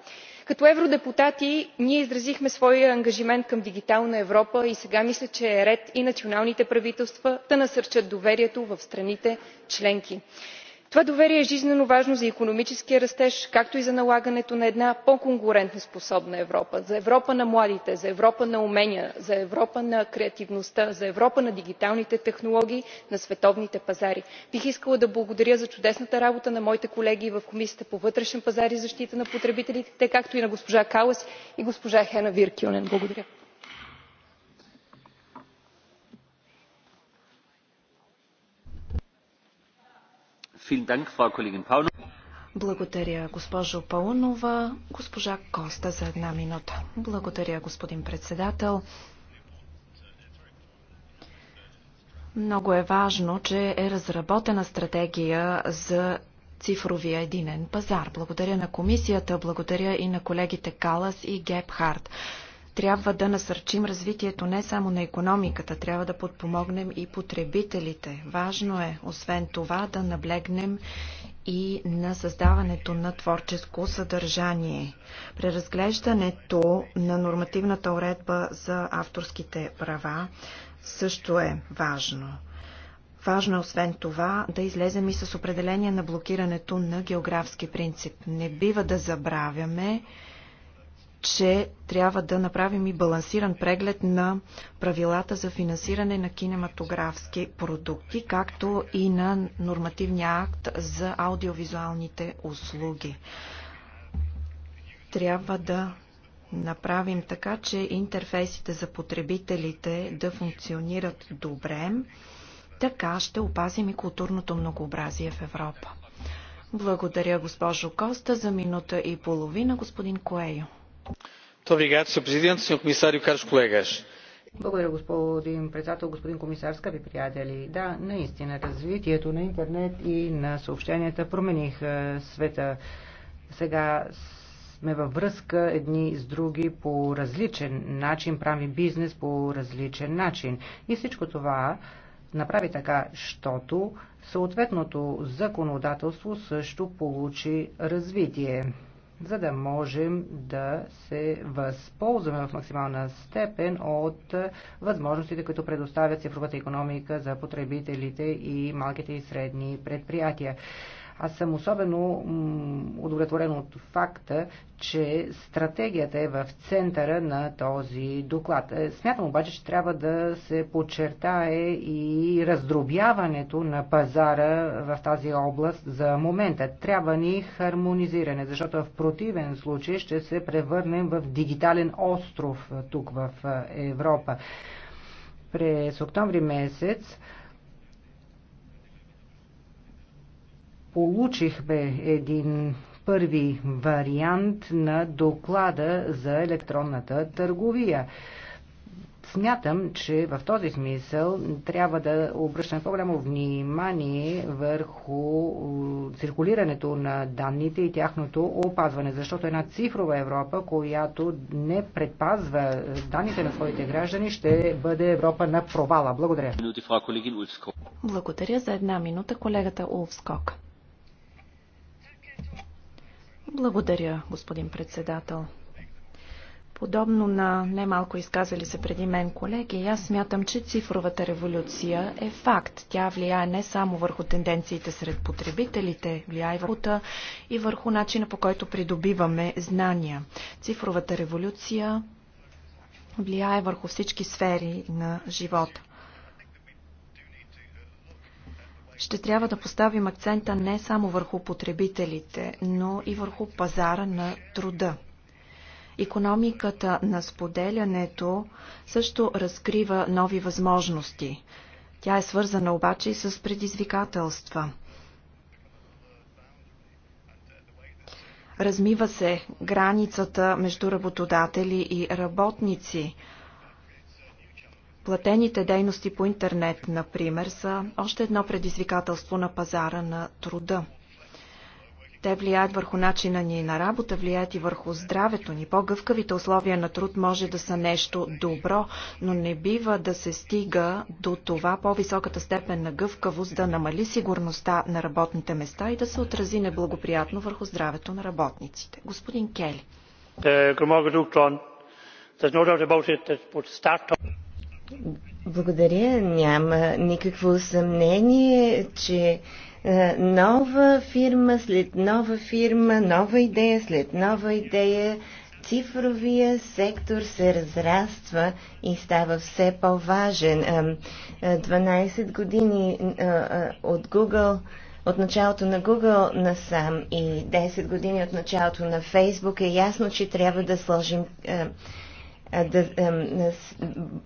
като евродепутати ние изразихме своя ангажимент към дигитална европа и сега мисля че е ред и националните правителства да насърчат доверието в страните членки това доверие е жизнено важно за икономическия растеж както и за налагането на една по конкурентоспособна европа за европа на младите за европа на уменията за европа на креативността за европа на дигиталните технологии на световните пазари. бих искала да благодаря за чудесната работа на моите колеги в комисията по вътрешен пазар и защита на потребителите както и на госпожа калас и госпожа хена virkkunen. благодаря. Благодаря, госпожо Паунова. Госпожа Коста за една минута. Благодаря, господин председател. Много е важно, че е разработена стратегия за цифровия единен пазар. Благодаря на комисията, благодаря и на колегите Калас и Гепхарт. Трябва да насърчим развитието не само на економиката, трябва да подпомогнем и потребителите. Важно е, освен това, да наблегнем и на създаването на творческо съдържание. Преразглеждането на нормативната уредба за авторските права също е важно. Важно е освен това да излезем и с определение на блокирането на географски принцип. Не бива да забравяме, че трябва да направим и балансиран преглед на правилата за финансиране на кинематографски продукти, както и на нормативния акт за аудиовизуалните услуги. Трябва да направим така, че интерфейсите за потребителите да функционират добре. Така ще опазим и културното многообразие в Европа. Благодаря, госпожо Коста, за минута и половина, господин Коею. Благодаря, господин председател, господин комисар, скъпи приятели. Да, наистина, развитието на интернет и на съобщенията промених света. Сега сме във връзка едни с други по различен начин, прави бизнес по различен начин. И всичко това направи така, щото съответното законодателство също получи развитие за да можем да се възползваме в максимална степен от възможностите, които предоставят цифровата економика за потребителите и малките и средни предприятия. Аз съм особено удовлетворен от факта, че стратегията е в центъра на този доклад. Е, смятам обаче, че трябва да се подчертае и раздробяването на пазара в тази област за момента. Трябва ни хармонизиране, защото в противен случай ще се превърнем в дигитален остров тук в е, Европа. През октомври месец получихме един първи вариант на доклада за електронната търговия. Смятам, че в този смисъл трябва да обръщаме по-голямо внимание върху циркулирането на данните и тяхното опазване, защото една цифрова Европа, която не предпазва данните на своите граждани, ще бъде Европа на провала. Благодаря. Благодаря за една минута колегата Улфскок. Благодаря, господин председател. Подобно на немалко изказали се преди мен колеги, аз смятам, че цифровата революция е факт. Тя влияе не само върху тенденциите сред потребителите, влияе и върху, и върху начина по който придобиваме знания. Цифровата революция влияе върху всички сфери на живота. ще трябва да поставим акцента не само върху потребителите, но и върху пазара на труда. Економиката на споделянето също разкрива нови възможности. Тя е свързана обаче и с предизвикателства. Размива се границата между работодатели и работници – Платените дейности по интернет, например, са още едно предизвикателство на пазара на труда. Те влияят върху начина ни на работа, влияят и върху здравето ни. По-гъвкавите условия на труд може да са нещо добро, но не бива да се стига до това по-високата степен на гъвкавост да намали сигурността на работните места и да се отрази неблагоприятно върху здравето на работниците. Господин Кели. Е, благодаря. Няма никакво съмнение, че е, нова фирма след нова фирма, нова идея след нова идея, цифровия сектор се разраства и става все по-важен. 12 е, години е, от Google от началото на Google насам и 10 години от началото на Facebook е ясно, че трябва да сложим е, да е,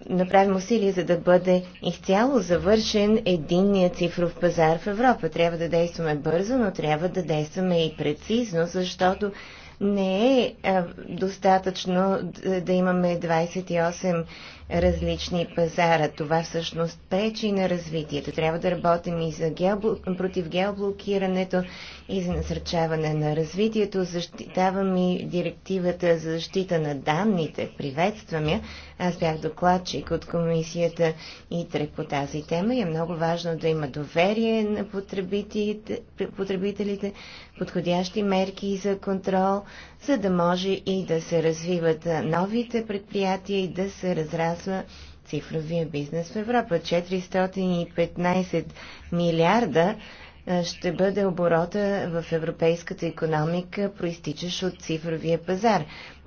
направим усилия, за да бъде изцяло завършен единният цифров пазар в Европа. Трябва да действаме бързо, но трябва да действаме и прецизно, защото не е, е достатъчно да имаме 28 различни пазара. Това всъщност пречи на развитието. Трябва да работим и за геобл... против геоблокирането и за насърчаване на развитието. Защитавам и директивата за защита на данните. Приветствам я. Аз бях докладчик от комисията и трек по тази тема и е много важно да има доверие на потребителите, потребителите подходящи мерки за контрол, за да може и да се развиват новите предприятия и да се разрасва цифровия бизнес в Европа. 415 милиарда ще бъде оборота в европейската економика, проистичащ от цифровия пазар.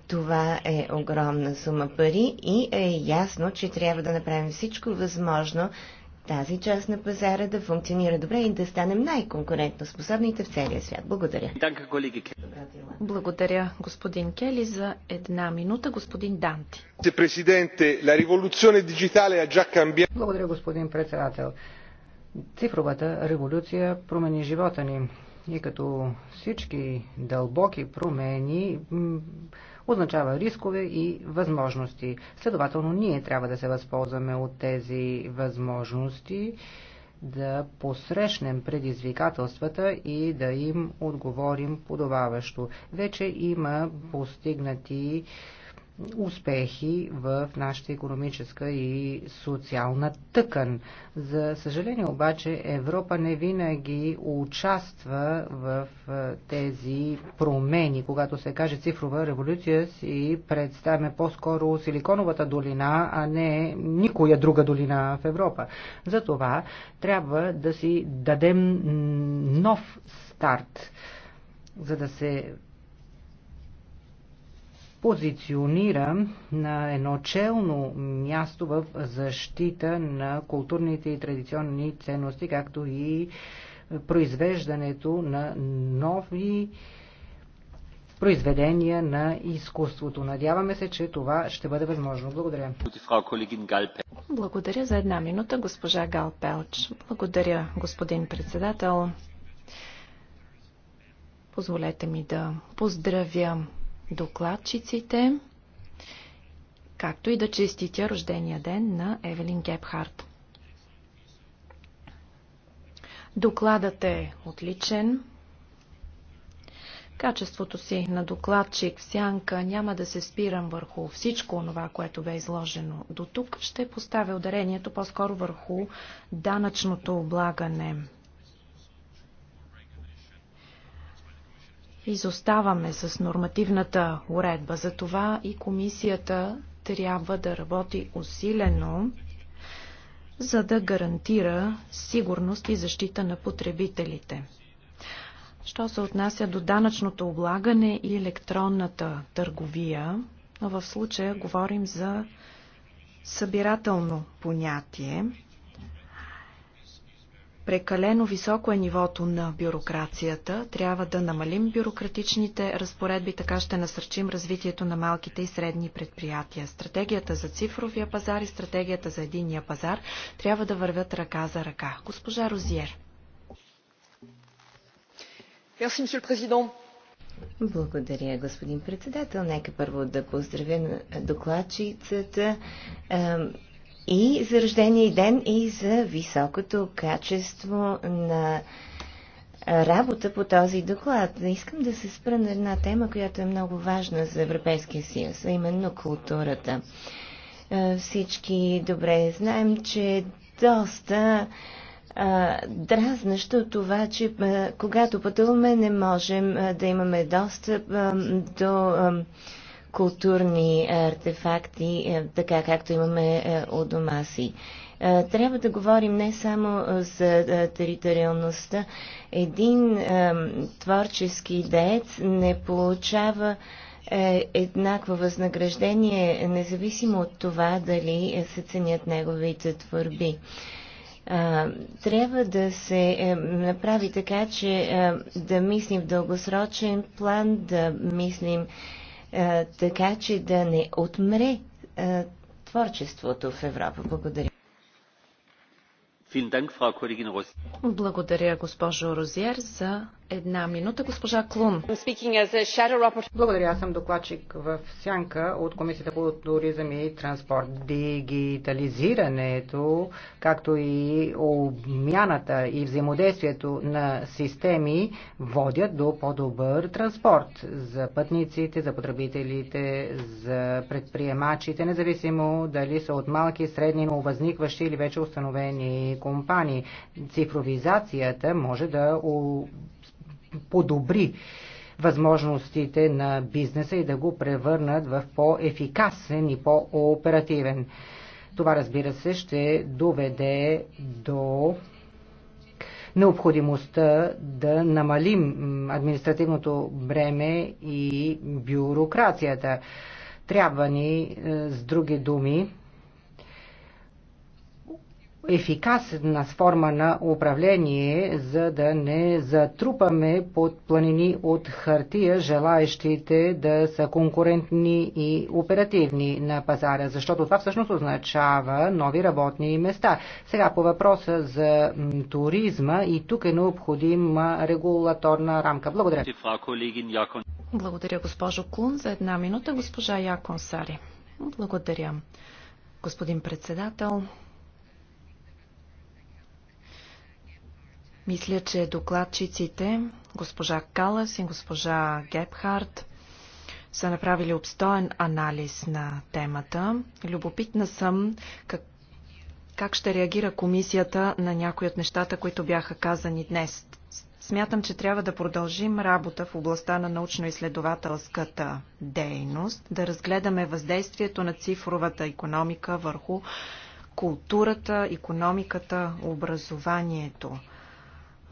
Това е огромна сума пари и е ясно, че трябва да направим всичко възможно тази част на пазара да функционира добре и да станем най-конкурентно способните в целия свят. Благодаря. Благодаря, господин Кели, за една минута. Господин Данти. Благодаря, господин председател. Цифровата революция промени живота ни. И като всички дълбоки промени, означава рискове и възможности. Следователно, ние трябва да се възползваме от тези възможности, да посрещнем предизвикателствата и да им отговорим подобаващо. Вече има постигнати успехи в нашата економическа и социална тъкан. За съжаление обаче Европа не винаги участва в тези промени. Когато се каже цифрова революция си представяме по-скоро Силиконовата долина, а не никоя друга долина в Европа. Затова трябва да си дадем нов старт за да се позиционира на едно челно място в защита на културните и традиционни ценности, както и произвеждането на нови произведения на изкуството. Надяваме се, че това ще бъде възможно. Благодаря. Благодаря за една минута, госпожа Гал Пелч. Благодаря, господин председател. Позволете ми да поздравя докладчиците, както и да честитя рождения ден на Евелин Гепхарт. Докладът е отличен. Качеството си на докладчик в сянка няма да се спирам върху всичко това, което бе изложено до тук. Ще поставя ударението по-скоро върху данъчното облагане – изоставаме с нормативната уредба. Затова и комисията трябва да работи усилено, за да гарантира сигурност и защита на потребителите. Що се отнася до данъчното облагане и електронната търговия, но в случая говорим за събирателно понятие. Прекалено високо е нивото на бюрокрацията. Трябва да намалим бюрократичните разпоредби, така ще насърчим развитието на малките и средни предприятия. Стратегията за цифровия пазар и стратегията за единния пазар трябва да вървят ръка за ръка. Госпожа Розиер. Благодаря, господин председател. Нека първо да поздравя докладчицата и за рождения ден, и за високото качество на работа по този доклад. Искам да се спра на една тема, която е много важна за Европейския съюз, а именно културата. Е, всички добре знаем, че е доста е, дразнащо това, че е, когато пътуваме не можем да имаме достъп до културни е, артефакти, е, така както имаме е, у дома си. Трябва да говорим не само за териториалността. Един творчески деец не получава еднакво възнаграждение, независимо от това дали се ценят неговите творби. Трябва да се направи така, че да мислим в дългосрочен план, да мислим е, така че да не отмре е, творчеството в Европа. Благодаря. Благодаря, госпожо Розиер, за една минута. Госпожа Клун. Благодаря. Аз съм докладчик в Сянка от Комисията по туризъм и транспорт. Дигитализирането, както и обмяната и взаимодействието на системи водят до по-добър транспорт за пътниците, за потребителите, за предприемачите, независимо дали са от малки, средни, но възникващи или вече установени компании. Цифровизацията може да подобри възможностите на бизнеса и да го превърнат в по-ефикасен и по-оперативен. Това, разбира се, ще доведе до необходимостта да намалим административното бреме и бюрокрацията. Трябва ни, е, с други думи, ефикасна форма на управление, за да не затрупаме под планини от хартия желаещите да са конкурентни и оперативни на пазара, защото това всъщност означава нови работни места. Сега по въпроса за туризма и тук е необходима регулаторна рамка. Благодаря. Благодаря, госпожо Клун. За една минута госпожа Якон Сари. Благодаря. Господин председател, Мисля, че докладчиците, госпожа Калас и госпожа Гепхард, са направили обстоен анализ на темата. Любопитна съм как, как ще реагира комисията на някои от нещата, които бяха казани днес. Смятам, че трябва да продължим работа в областта на научно-изследователската дейност, да разгледаме въздействието на цифровата економика върху културата, економиката, образованието.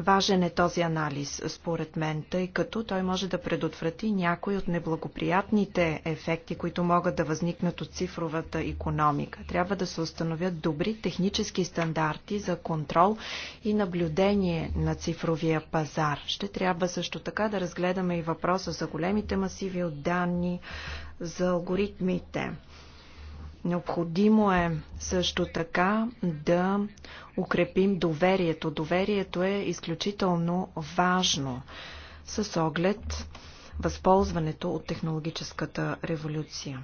Важен е този анализ, според мен, тъй като той може да предотврати някои от неблагоприятните ефекти, които могат да възникнат от цифровата економика. Трябва да се установят добри технически стандарти за контрол и наблюдение на цифровия пазар. Ще трябва също така да разгледаме и въпроса за големите масиви от данни, за алгоритмите. Необходимо е също така да укрепим доверието. Доверието е изключително важно с оглед възползването от технологическата революция.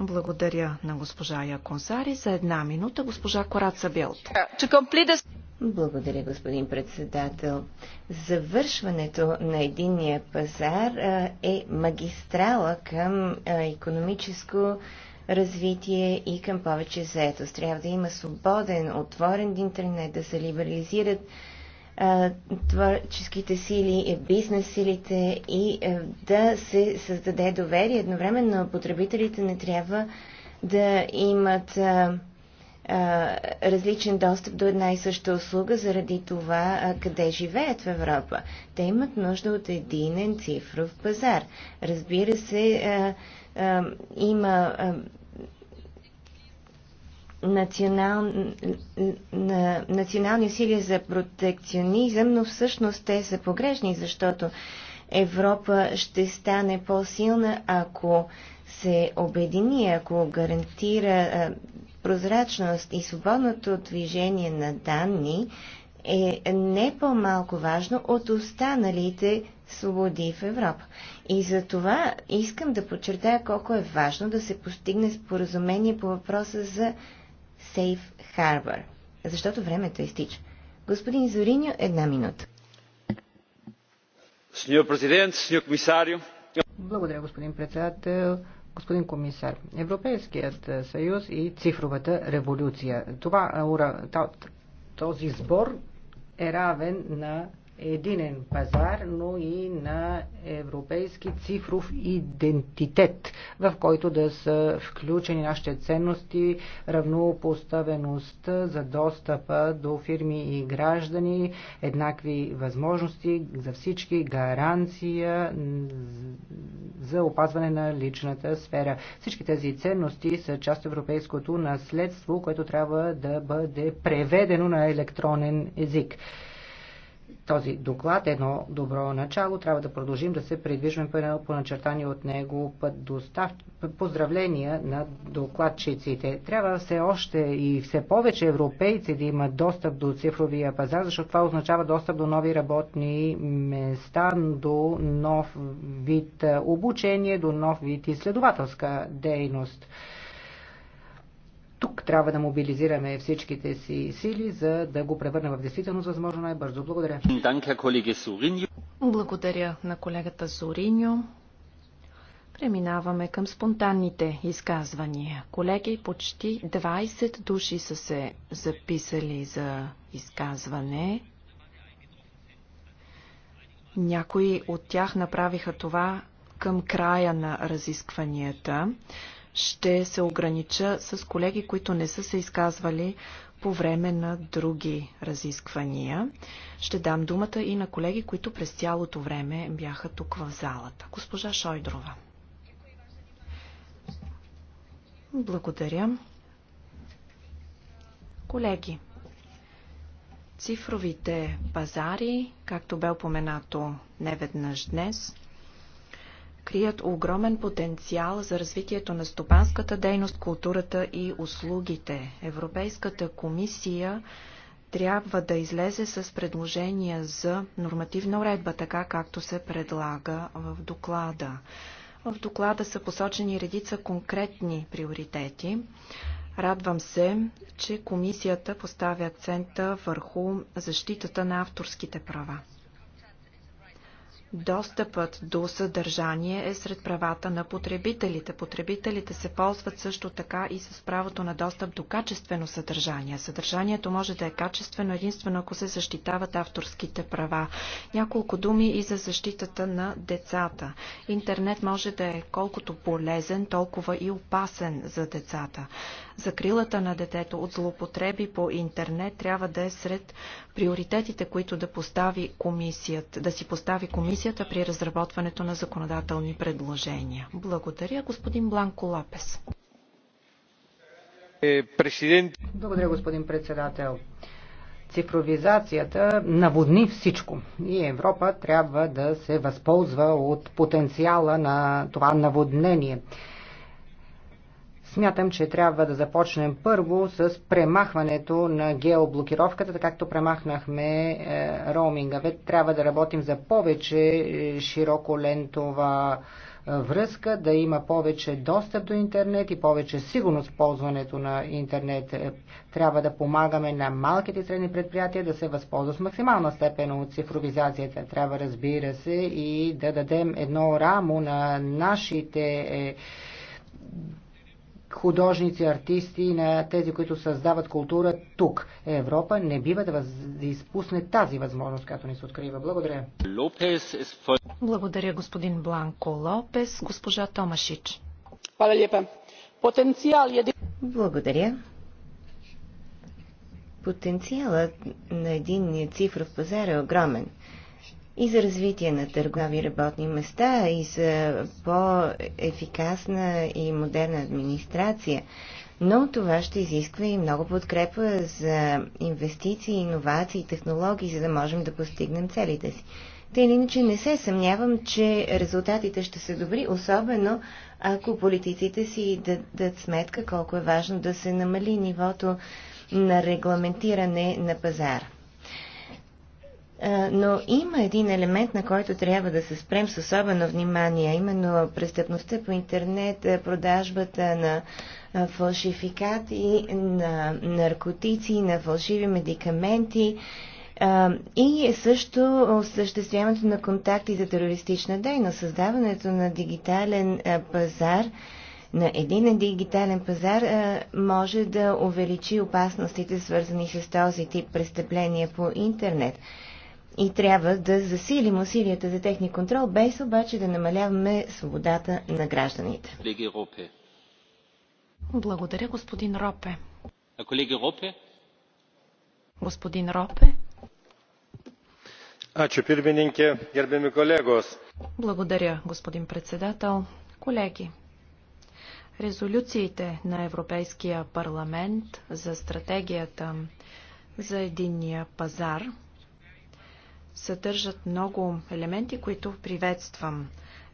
Благодаря на госпожа Яконсари за една минута. Госпожа Кораца Белт. Благодаря, господин председател. Завършването на единния пазар е магистрала към економическо развитие и към повече заетост. Трябва да има свободен, отворен интернет, да се либерализират творческите сили, е, бизнес силите и е, да се създаде доверие. Едновременно потребителите не трябва да имат а, а, различен достъп до една и съща услуга заради това а, къде живеят в Европа. Те имат нужда от единен цифров пазар. Разбира се, а, има национал, на, национални усилия за протекционизъм, но всъщност те са погрешни, защото Европа ще стане по-силна, ако се обедини, ако гарантира прозрачност и свободното движение на данни е не по-малко важно от останалите свободи в Европа. И за това искам да подчертая колко е важно да се постигне споразумение по въпроса за Safe Harbor, защото времето изтича. Господин Зориньо, една минута. Сеньор президент, сеньор комисарио. Благодаря, господин председател. Господин комисар, Европейският съюз и цифровата революция. Това, този сбор е равен на единен пазар, но и на европейски цифров идентитет, в който да са включени нашите ценности, равнопоставеността за достъпа до фирми и граждани, еднакви възможности за всички, гаранция за опазване на личната сфера. Всички тези ценности са част от европейското наследство, което трябва да бъде преведено на електронен език този доклад едно добро начало. Трябва да продължим да се придвижваме по, по начертание от него път достав... Поздравления на докладчиците. Трябва все още и все повече европейци да имат достъп до цифровия пазар, защото това означава достъп до нови работни места, до нов вид обучение, до нов вид изследователска дейност тук трябва да мобилизираме всичките си сили, за да го превърне в действителност възможно най-бързо. Благодаря. Благодаря на колегата Зориньо. Преминаваме към спонтанните изказвания. Колеги, почти 20 души са се записали за изказване. Някои от тях направиха това към края на разискванията ще се огранича с колеги, които не са се изказвали по време на други разисквания. Ще дам думата и на колеги, които през цялото време бяха тук в залата. Госпожа Шойдрова. Благодаря. Колеги, цифровите пазари, както бе упоменато неведнъж днес, крият огромен потенциал за развитието на стопанската дейност, културата и услугите. Европейската комисия трябва да излезе с предложения за нормативна уредба, така както се предлага в доклада. В доклада са посочени редица конкретни приоритети. Радвам се, че комисията поставя акцента върху защитата на авторските права. Достъпът до съдържание е сред правата на потребителите. Потребителите се ползват също така и с правото на достъп до качествено съдържание. Съдържанието може да е качествено единствено ако се защитават авторските права. Няколко думи и за защитата на децата. Интернет може да е колкото полезен, толкова и опасен за децата. Закрилата на детето от злоупотреби по интернет трябва да е сред приоритетите, които да постави комисията, да си постави комисията при разработването на законодателни предложения. Благодаря, господин Бланко Лапес. Е, Благодаря, господин председател. Цифровизацията наводни всичко. И Европа трябва да се възползва от потенциала на това наводнение. Смятам, че трябва да започнем първо с премахването на геоблокировката, както премахнахме е, роуминга. Ве трябва да работим за повече е, широко лентова е, връзка, да има повече достъп до интернет и повече сигурност в ползването на интернет. Трябва да помагаме на малките и средни предприятия да се възползват с максимална степен от цифровизацията. Трябва, разбира се, и да дадем едно рамо на нашите художници, артисти, на тези, които създават култура тук. Европа не бива да, въз... да изпусне тази възможност, като ни се открива. Благодаря. Е Благодаря, господин Бланко Лопес. Госпожа Томашич. Потенциал е... Благодаря. Потенциалът на един цифров пазар е огромен – и за развитие на търгови работни места, и за по-ефикасна и модерна администрация. Но това ще изисква и много подкрепа за инвестиции, иновации и технологии, за да можем да постигнем целите си. Те или иначе не се съмнявам, че резултатите ще са добри, особено ако политиците си дадат сметка колко е важно да се намали нивото на регламентиране на пазара. Е, но има един елемент, на който трябва да се спрем с особено внимание, именно престъпността по интернет, е, продажбата на е, фалшификати, на наркотици, на фалшиви медикаменти и също осъществяването на контакти за терористична дейност, създаването на дигитален пазар на един дигитален пазар може да увеличи опасностите, свързани с този тип престъпления по интернет и трябва да засилим усилията за техния контрол, без обаче да намаляваме свободата на гражданите. Благодаря, господин Ропе. Колеги Ропе? Господин Ропе? че pirmininkė, gerbiami колегос. Благодаря, господин председател. Колеги, резолюциите на Европейския парламент за стратегията за единния пазар – съдържат много елементи, които приветствам.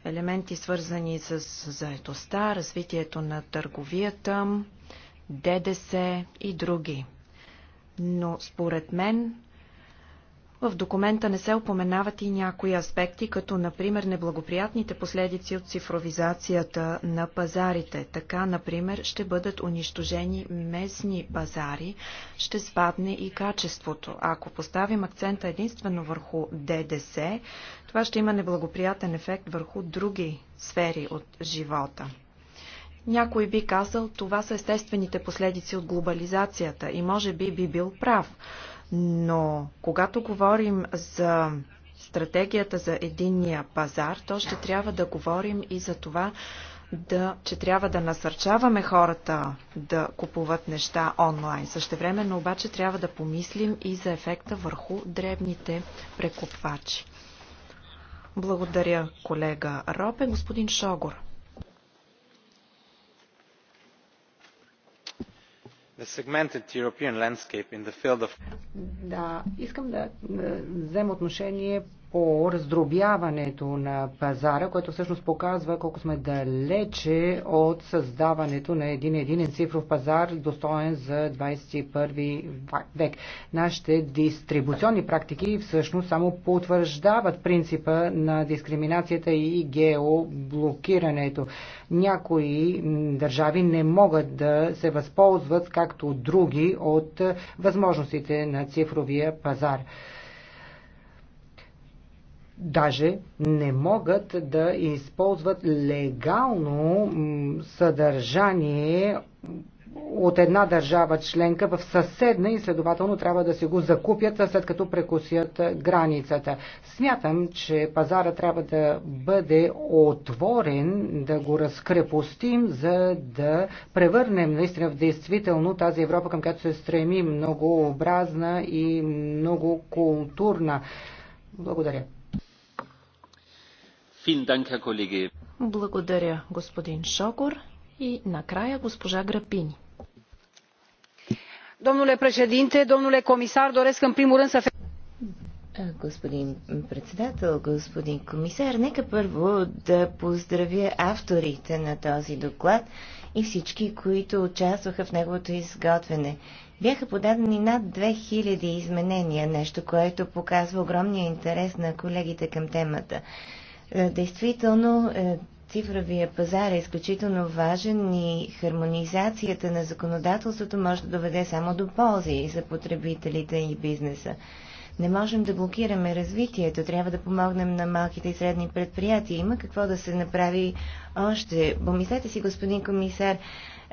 Елементи свързани с заетостта, развитието на търговията, ДДС и други. Но според мен в документа не се упоменават и някои аспекти, като например неблагоприятните последици от цифровизацията на пазарите. Така, например, ще бъдат унищожени местни пазари, ще спадне и качеството. Ако поставим акцента единствено върху ДДС, това ще има неблагоприятен ефект върху други сфери от живота. Някой би казал, това са естествените последици от глобализацията и може би би бил прав. Но когато говорим за стратегията за единния пазар, то ще трябва да говорим и за това, да, че трябва да насърчаваме хората да купуват неща онлайн. Същевременно обаче трябва да помислим и за ефекта върху дребните прекупвачи. Благодаря, колега Ропе. Господин Шогор. Да, искам да взема отношение о раздробяването на пазара, което всъщност показва колко сме далече от създаването на един единен цифров пазар, достоен за 21 век. Нашите дистрибуционни практики всъщност само потвърждават принципа на дискриминацията и геоблокирането. Някои държави не могат да се възползват, както други, от възможностите на цифровия пазар даже не могат да използват легално съдържание от една държава членка в съседна и следователно трябва да си го закупят след като прекусят границата. Смятам, че пазара трябва да бъде отворен, да го разкрепостим, за да превърнем наистина в действително тази Европа, към която се стремим, многообразна и много културна. Благодаря. Благодаря, господин Шокор. И накрая госпожа Грапини. Domnule președinte, domnule comisar, doresc în primul rând să е, Господин председател, господин комисар, нека първо да поздравя авторите на този доклад и всички, които участваха в неговото изготвяне. Бяха подадени над 2000 изменения, нещо, което показва огромния интерес на колегите към темата. Е, действително, е, цифровия пазар е изключително важен и хармонизацията на законодателството може да доведе само до ползи и за потребителите и бизнеса. Не можем да блокираме развитието, трябва да помогнем на малките и средни предприятия. Има какво да се направи още. Помислете си, господин комисар,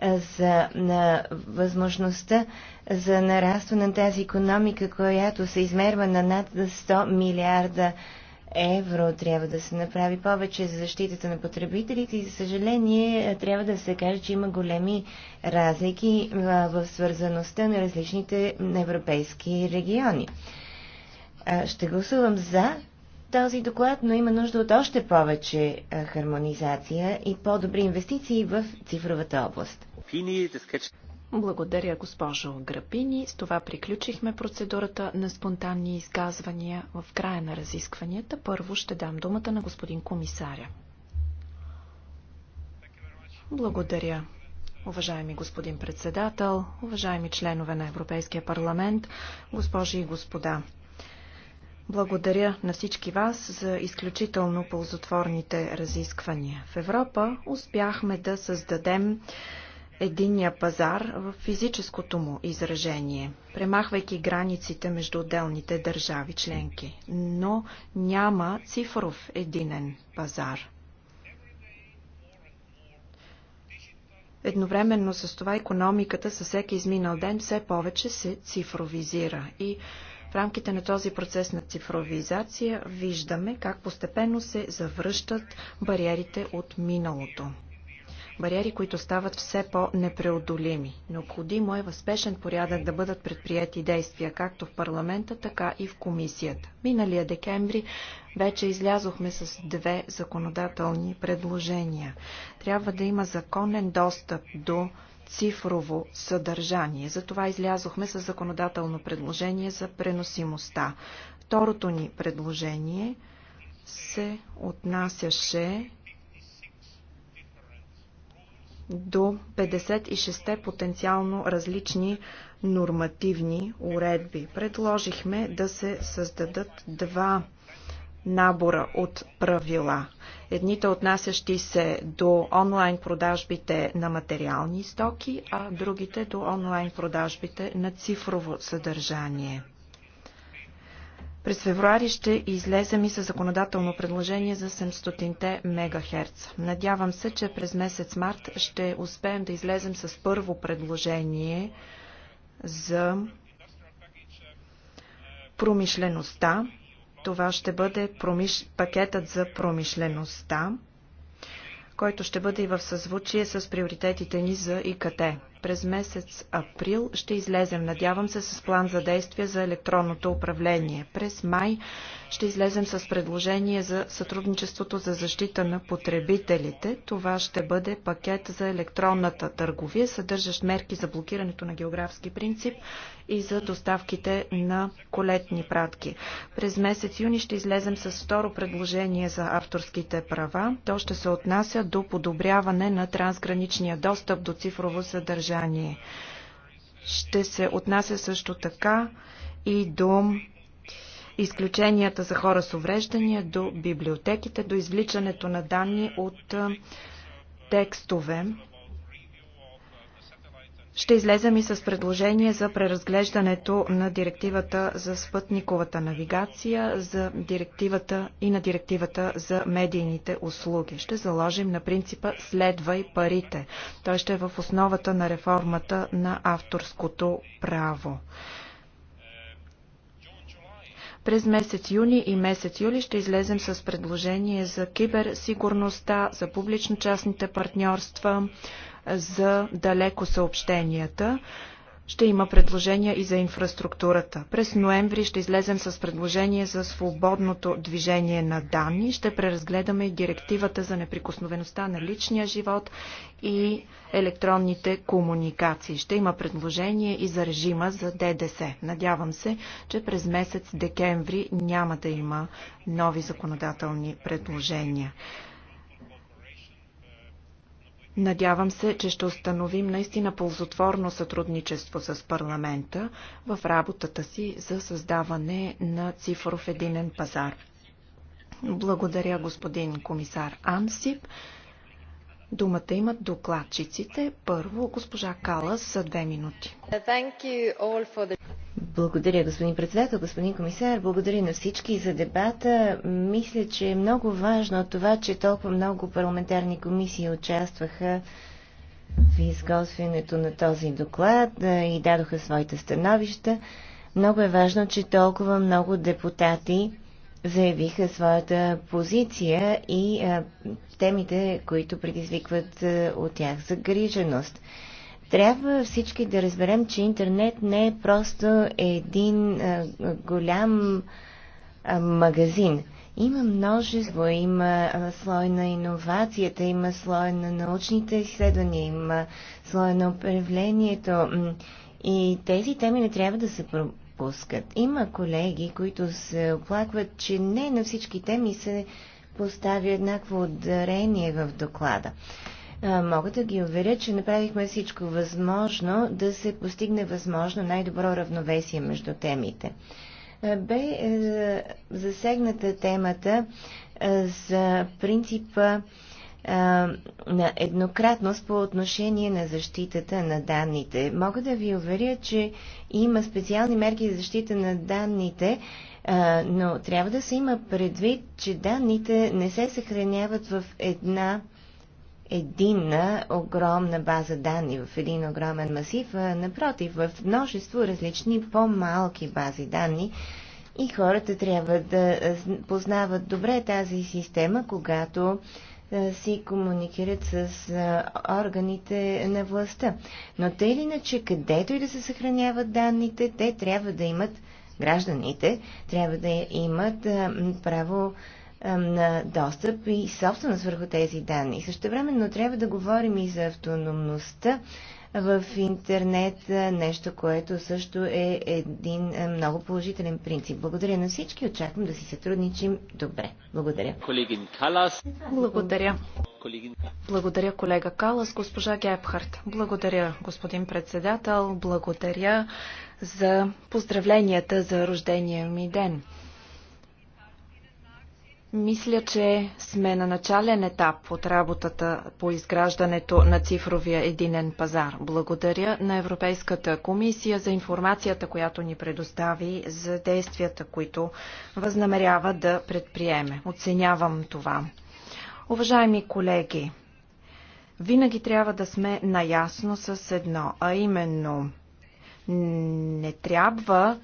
е, за на възможността за нарастване на тази економика, която се измерва на над 100 милиарда евро трябва да се направи повече за защитата на потребителите и, за съжаление, трябва да се каже, че има големи разлики в свързаността на различните европейски региони. Ще гласувам за този доклад, но има нужда от още повече хармонизация и по-добри инвестиции в цифровата област. Благодаря, госпожо Грапини. С това приключихме процедурата на спонтанни изказвания в края на разискванията. Първо ще дам думата на господин комисаря. Благодаря. Уважаеми господин председател, уважаеми членове на Европейския парламент, госпожи и господа. Благодаря на всички вас за изключително ползотворните разисквания. В Европа успяхме да създадем единния пазар в физическото му изражение, премахвайки границите между отделните държави членки. Но няма цифров единен пазар. Едновременно с това економиката със всеки изминал ден все повече се цифровизира и в рамките на този процес на цифровизация виждаме как постепенно се завръщат бариерите от миналото бариери, които стават все по-непреодолими. Необходимо е възпешен порядък да бъдат предприяти действия както в парламента, така и в комисията. Миналия декември вече излязохме с две законодателни предложения. Трябва да има законен достъп до цифрово съдържание. Затова излязохме с законодателно предложение за преносимостта. Второто ни предложение се отнасяше до 56 потенциално различни нормативни уредби. Предложихме да се създадат два набора от правила. Едните отнасящи се до онлайн продажбите на материални стоки, а другите до онлайн продажбите на цифрово съдържание. През февруари ще излезем и със законодателно предложение за 700-те МГц. Надявам се, че през месец март ще успеем да излезем с първо предложение за промишлеността. Това ще бъде промиш... пакетът за промишлеността, който ще бъде и в съзвучие с приоритетите ни за ИКТ. През месец април ще излезем, надявам се, с план за действие за електронното управление. През май ще излезем с предложение за сътрудничеството за защита на потребителите. Това ще бъде пакет за електронната търговия, съдържащ мерки за блокирането на географски принцип и за доставките на колетни пратки. През месец юни ще излезем с второ предложение за авторските права. То ще се отнася до подобряване на трансграничния достъп до цифрово съдържание съдържание. Ще се отнася също така и до изключенията за хора с увреждания, до библиотеките, до извличането на данни от текстове, ще излезем и с предложение за преразглеждането на директивата за спътниковата навигация, за директивата и на директивата за медийните услуги. Ще заложим на принципа следвай парите. Той ще е в основата на реформата на авторското право. През месец юни и месец юли ще излезем с предложение за киберсигурността, за публично-частните партньорства, за далеко съобщенията. Ще има предложения и за инфраструктурата. През ноември ще излезем с предложение за свободното движение на данни. Ще преразгледаме и директивата за неприкосновеността на личния живот и електронните комуникации. Ще има предложение и за режима за ДДС. Надявам се, че през месец декември няма да има нови законодателни предложения. Надявам се, че ще установим наистина ползотворно сътрудничество с парламента в работата си за създаване на цифров единен пазар. Благодаря господин комисар Ансип. Думата имат докладчиците. Първо, госпожа Калас с две минути. Благодаря, господин председател, господин комисар. Благодаря на всички за дебата. Мисля, че е много важно това, че толкова много парламентарни комисии участваха в изготвянето на този доклад и дадоха своите становища. Много е важно, че толкова много депутати заявиха своята позиция и а, темите, които предизвикват а, от тях загриженост. Трябва всички да разберем, че интернет не е просто един а, голям а, магазин. Има множество, има слой на иновацията, има слой на научните изследвания, има слой на управлението. И тези теми не трябва да се пускат. Има колеги, които се оплакват, че не на всички теми се поставя еднакво ударение в доклада. Мога да ги уверя, че направихме всичко възможно да се постигне възможно най-добро равновесие между темите. Бе е, засегната темата за принципа а, на еднократност по отношение на защитата на данните. Мога да ви уверя, че има специални мерки за защита на данните, а, но трябва да се има предвид, че данните не се съхраняват в една единна огромна база данни, в един огромен масив, а напротив, в множество различни по-малки бази данни, и хората трябва да познават добре тази система, когато е, си комуникират с е, органите на властта. Но те или иначе, където и да се съхраняват данните, те трябва да имат, гражданите, трябва да имат е, право на достъп и собственост върху тези данни. Също времено трябва да говорим и за автономността в интернет, нещо, което също е един много положителен принцип. Благодаря на всички, очаквам да си сътрудничим добре. Благодаря. Колегин Калас. Благодаря. Благодаря, колега Калас. Госпожа Гебхарт. Благодаря, господин председател. Благодаря за поздравленията за рождения ми ден. Мисля, че сме на начален етап от работата по изграждането на цифровия единен пазар. Благодаря на Европейската комисия за информацията, която ни предостави за действията, които възнамерява да предприеме. Оценявам това. Уважаеми колеги, винаги трябва да сме наясно с едно, а именно не трябва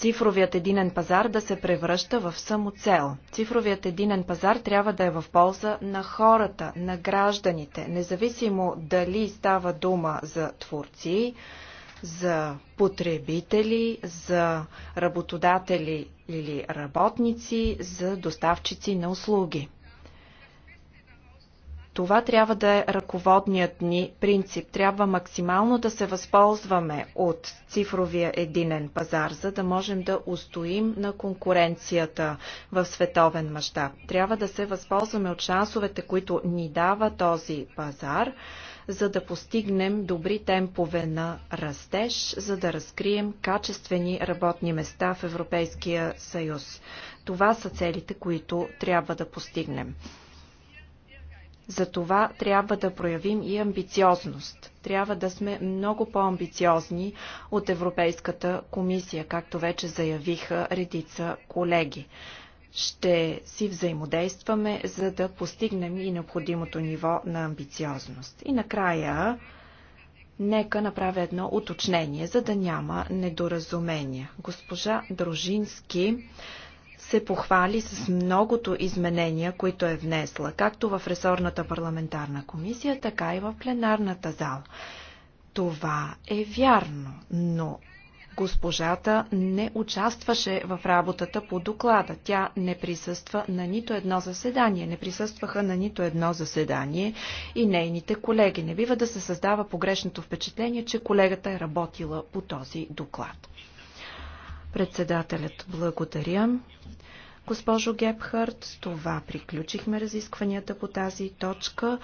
цифровият единен пазар да се превръща в самоцел. Цифровият единен пазар трябва да е в полза на хората, на гражданите, независимо дали става дума за творци, за потребители, за работодатели или работници, за доставчици на услуги. Това трябва да е ръководният ни принцип. Трябва максимално да се възползваме от цифровия единен пазар, за да можем да устоим на конкуренцията в световен мащаб. Трябва да се възползваме от шансовете, които ни дава този пазар, за да постигнем добри темпове на растеж, за да разкрием качествени работни места в Европейския съюз. Това са целите, които трябва да постигнем. За това трябва да проявим и амбициозност. Трябва да сме много по-амбициозни от Европейската комисия, както вече заявиха редица колеги. Ще си взаимодействаме, за да постигнем и необходимото ниво на амбициозност. И накрая, нека направя едно уточнение, за да няма недоразумения. Госпожа Дружински се похвали с многото изменения, които е внесла, както в ресорната парламентарна комисия, така и в пленарната зала. Това е вярно, но госпожата не участваше в работата по доклада. Тя не присъства на нито едно заседание. Не присъстваха на нито едно заседание и нейните колеги. Не бива да се създава погрешното впечатление, че колегата е работила по този доклад. Председателят, благодаря. Госпожо с това приключихме разискванията по тази точка.